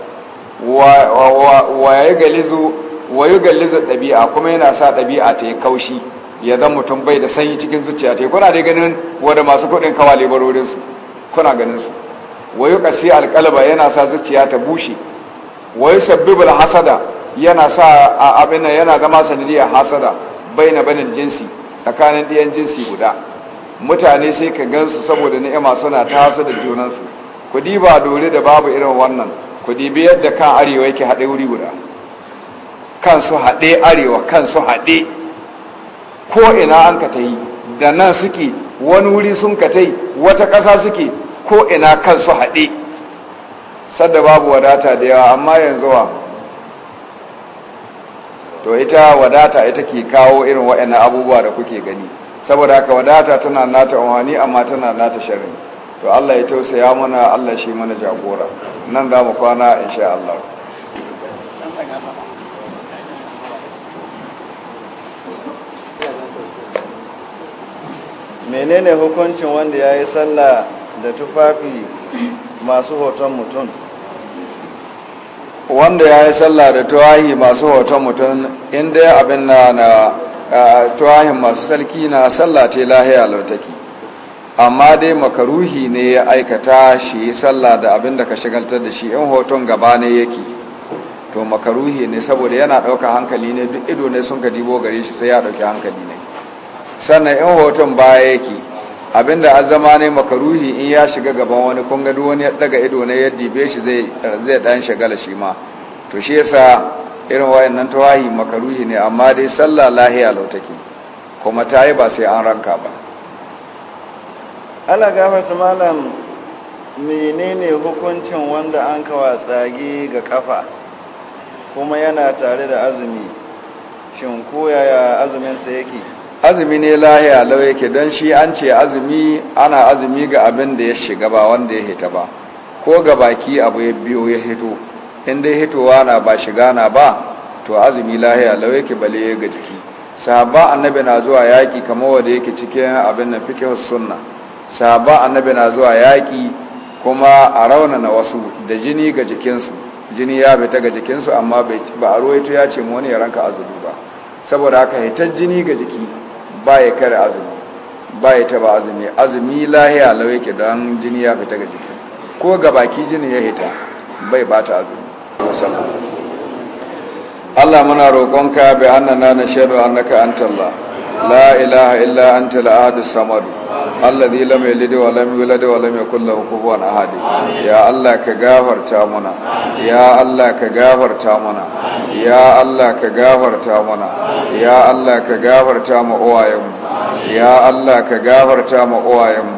wa ya galizu wa yi galizu ɗabi'a kuma yana sa ɗabi'a ta yi kaushi ya zan mutum bai da sanyi cikin zuciya ta yi kuna dai ganin wadda masu kudin kawale barorinsu kuna ganin su wa yi ƙasi yana sa zuciya ta bushe Wai yusabbibul hasada yana sa abin nan yana zama sanadiyar hasada baina banin jinsi tsakanin ɗiyan jinsi guda mutane sai ka gansu saboda ni'ima suna ta hasada junansu ku diba dole da babu irin wannan ku dibi yadda kan arewa yake haɗe wuri guda kansu haɗe arewa kansu haɗe ko ina an ka ta yi da nan suke wani wuri sun ka ta yi wata ƙasa suke ko ina kansu haɗe sadda babu wadata da yawa amma yanzu wa to ita wadata ita ke kawo irin waɗannan abubuwa da kuke gani saboda haka wadata tana nata umarni amma tana nata sharri to Allah ya tausaya mana Allah shi mana jagora nan za mu kwana insha Allah menene hukuncin wanda ya yi sallah da tufafi masu hoton mutum wanda ya yi sallah da tuwahi masu hoton mutum inda ya abin na na tuwahin masu sarki na sallah ta lahiya lautaki amma dai makaruhi ne ya aikata shi yi sallah da abin da ka shigaltar da shi in hoton gaba ne yake to makaruhi ne saboda yana ɗauka hankali ne duk ido ne sun ka dibo gare shi sai ya ɗauki hankali ne sannan in hoton baya yake abinda an zama ne makaruhi in ya shiga gaban wani kun wani ya daga ido na ya dibe shi zai zai dan shagala shi ma to shi yasa irin wayannan tawahi makaruhi ne amma dai sallah lahiya lautaki kuma ta yi ba sai an ranka ba Allah ta malam menene hukuncin wanda an kawa tsage ga kafa kuma yana tare da azumi shin koyaya azumin sa yake azumi ne lahiya lau yake don shi an ce azumi ana azumi ga abin da ya shiga ba wanda ya hita ba ko ga baki abu ya biyo ya hito Inda dai hitowa na ba shiga na ba to azumi lahiya lau yake bale ya ga jiki sahaba annabi na zuwa yaki kamar wanda yake cikin abin da fiqh sunna sahaba annabi na zuwa yaki kuma a na wasu da jini ga jikinsu jini ya fita ga jikinsu amma ba a ya ce wani ya ranka azumi ba saboda haka hitar jini ga jiki ba ya kare azumi ba taba azumi azumi lahiya lau yake don jini ya fita ga jiki ko ga baki jini ya hita bai bata azumi Allah muna roƙonka bi annana nashhadu annaka antallah la ilaha illa anta al-ahad as-samad alladhi lam yalid wa lam yulad wa lam yakul lahu kufuwan ahad ya allah ka gafarta mana ya allah ka gafarta mana ya allah ka gafarta mana ya allah ka gafarta mu uwayenmu ya allah ka gafarta mu uwayenmu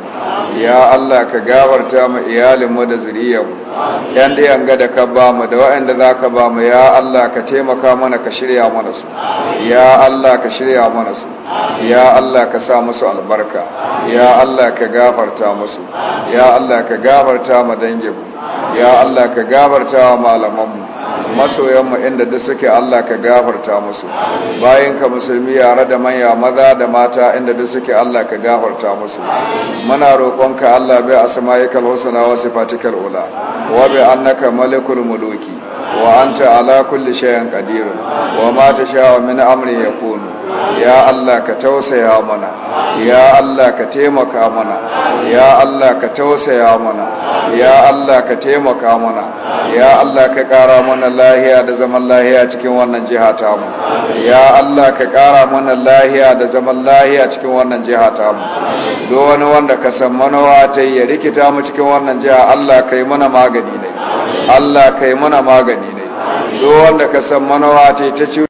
ya allah ka gafarta mu iyalinmu da zuriyarmu yan da yanga da ka ba mu da wa'anda za ka ba mu ya Allah ka taimaka mana ka shirya mana su ya Allah ka shirya mana su ya Allah ka sa musu albarka ya Allah ka gafarta musu ya Allah ka gafarta ma danginmu ya Allah ka gafarta wa malamanmu masoyanmu inda duk suke Allah ka gafarta musu bayan ka musulmi yare da manya maza da mata inda duk suke Allah ka gafarta musu muna roƙonka Allah bai asma'ikal husna wa sifatikal ula wa bi annaka malikul muluki wa anta ala kulli shay'in qadir wa ma tasha'u min mini yakunu ya Allah ka tausaya mana ya Allah ka taimaka mana ya Allah ka tausaya mana ya Allah ka taimaka mana ya Allah ka kara mana lahiya da zaman lahiya cikin wannan jiha ta mu ya Allah ka kara mana lahiya da zaman lahiya cikin wannan jiha ta mu do wani wanda ka san manowa ta ya rikita mu cikin wannan jiha Allah kai mana magani ne Allah kai mana magani duk wanda ka san manawa ce ta ci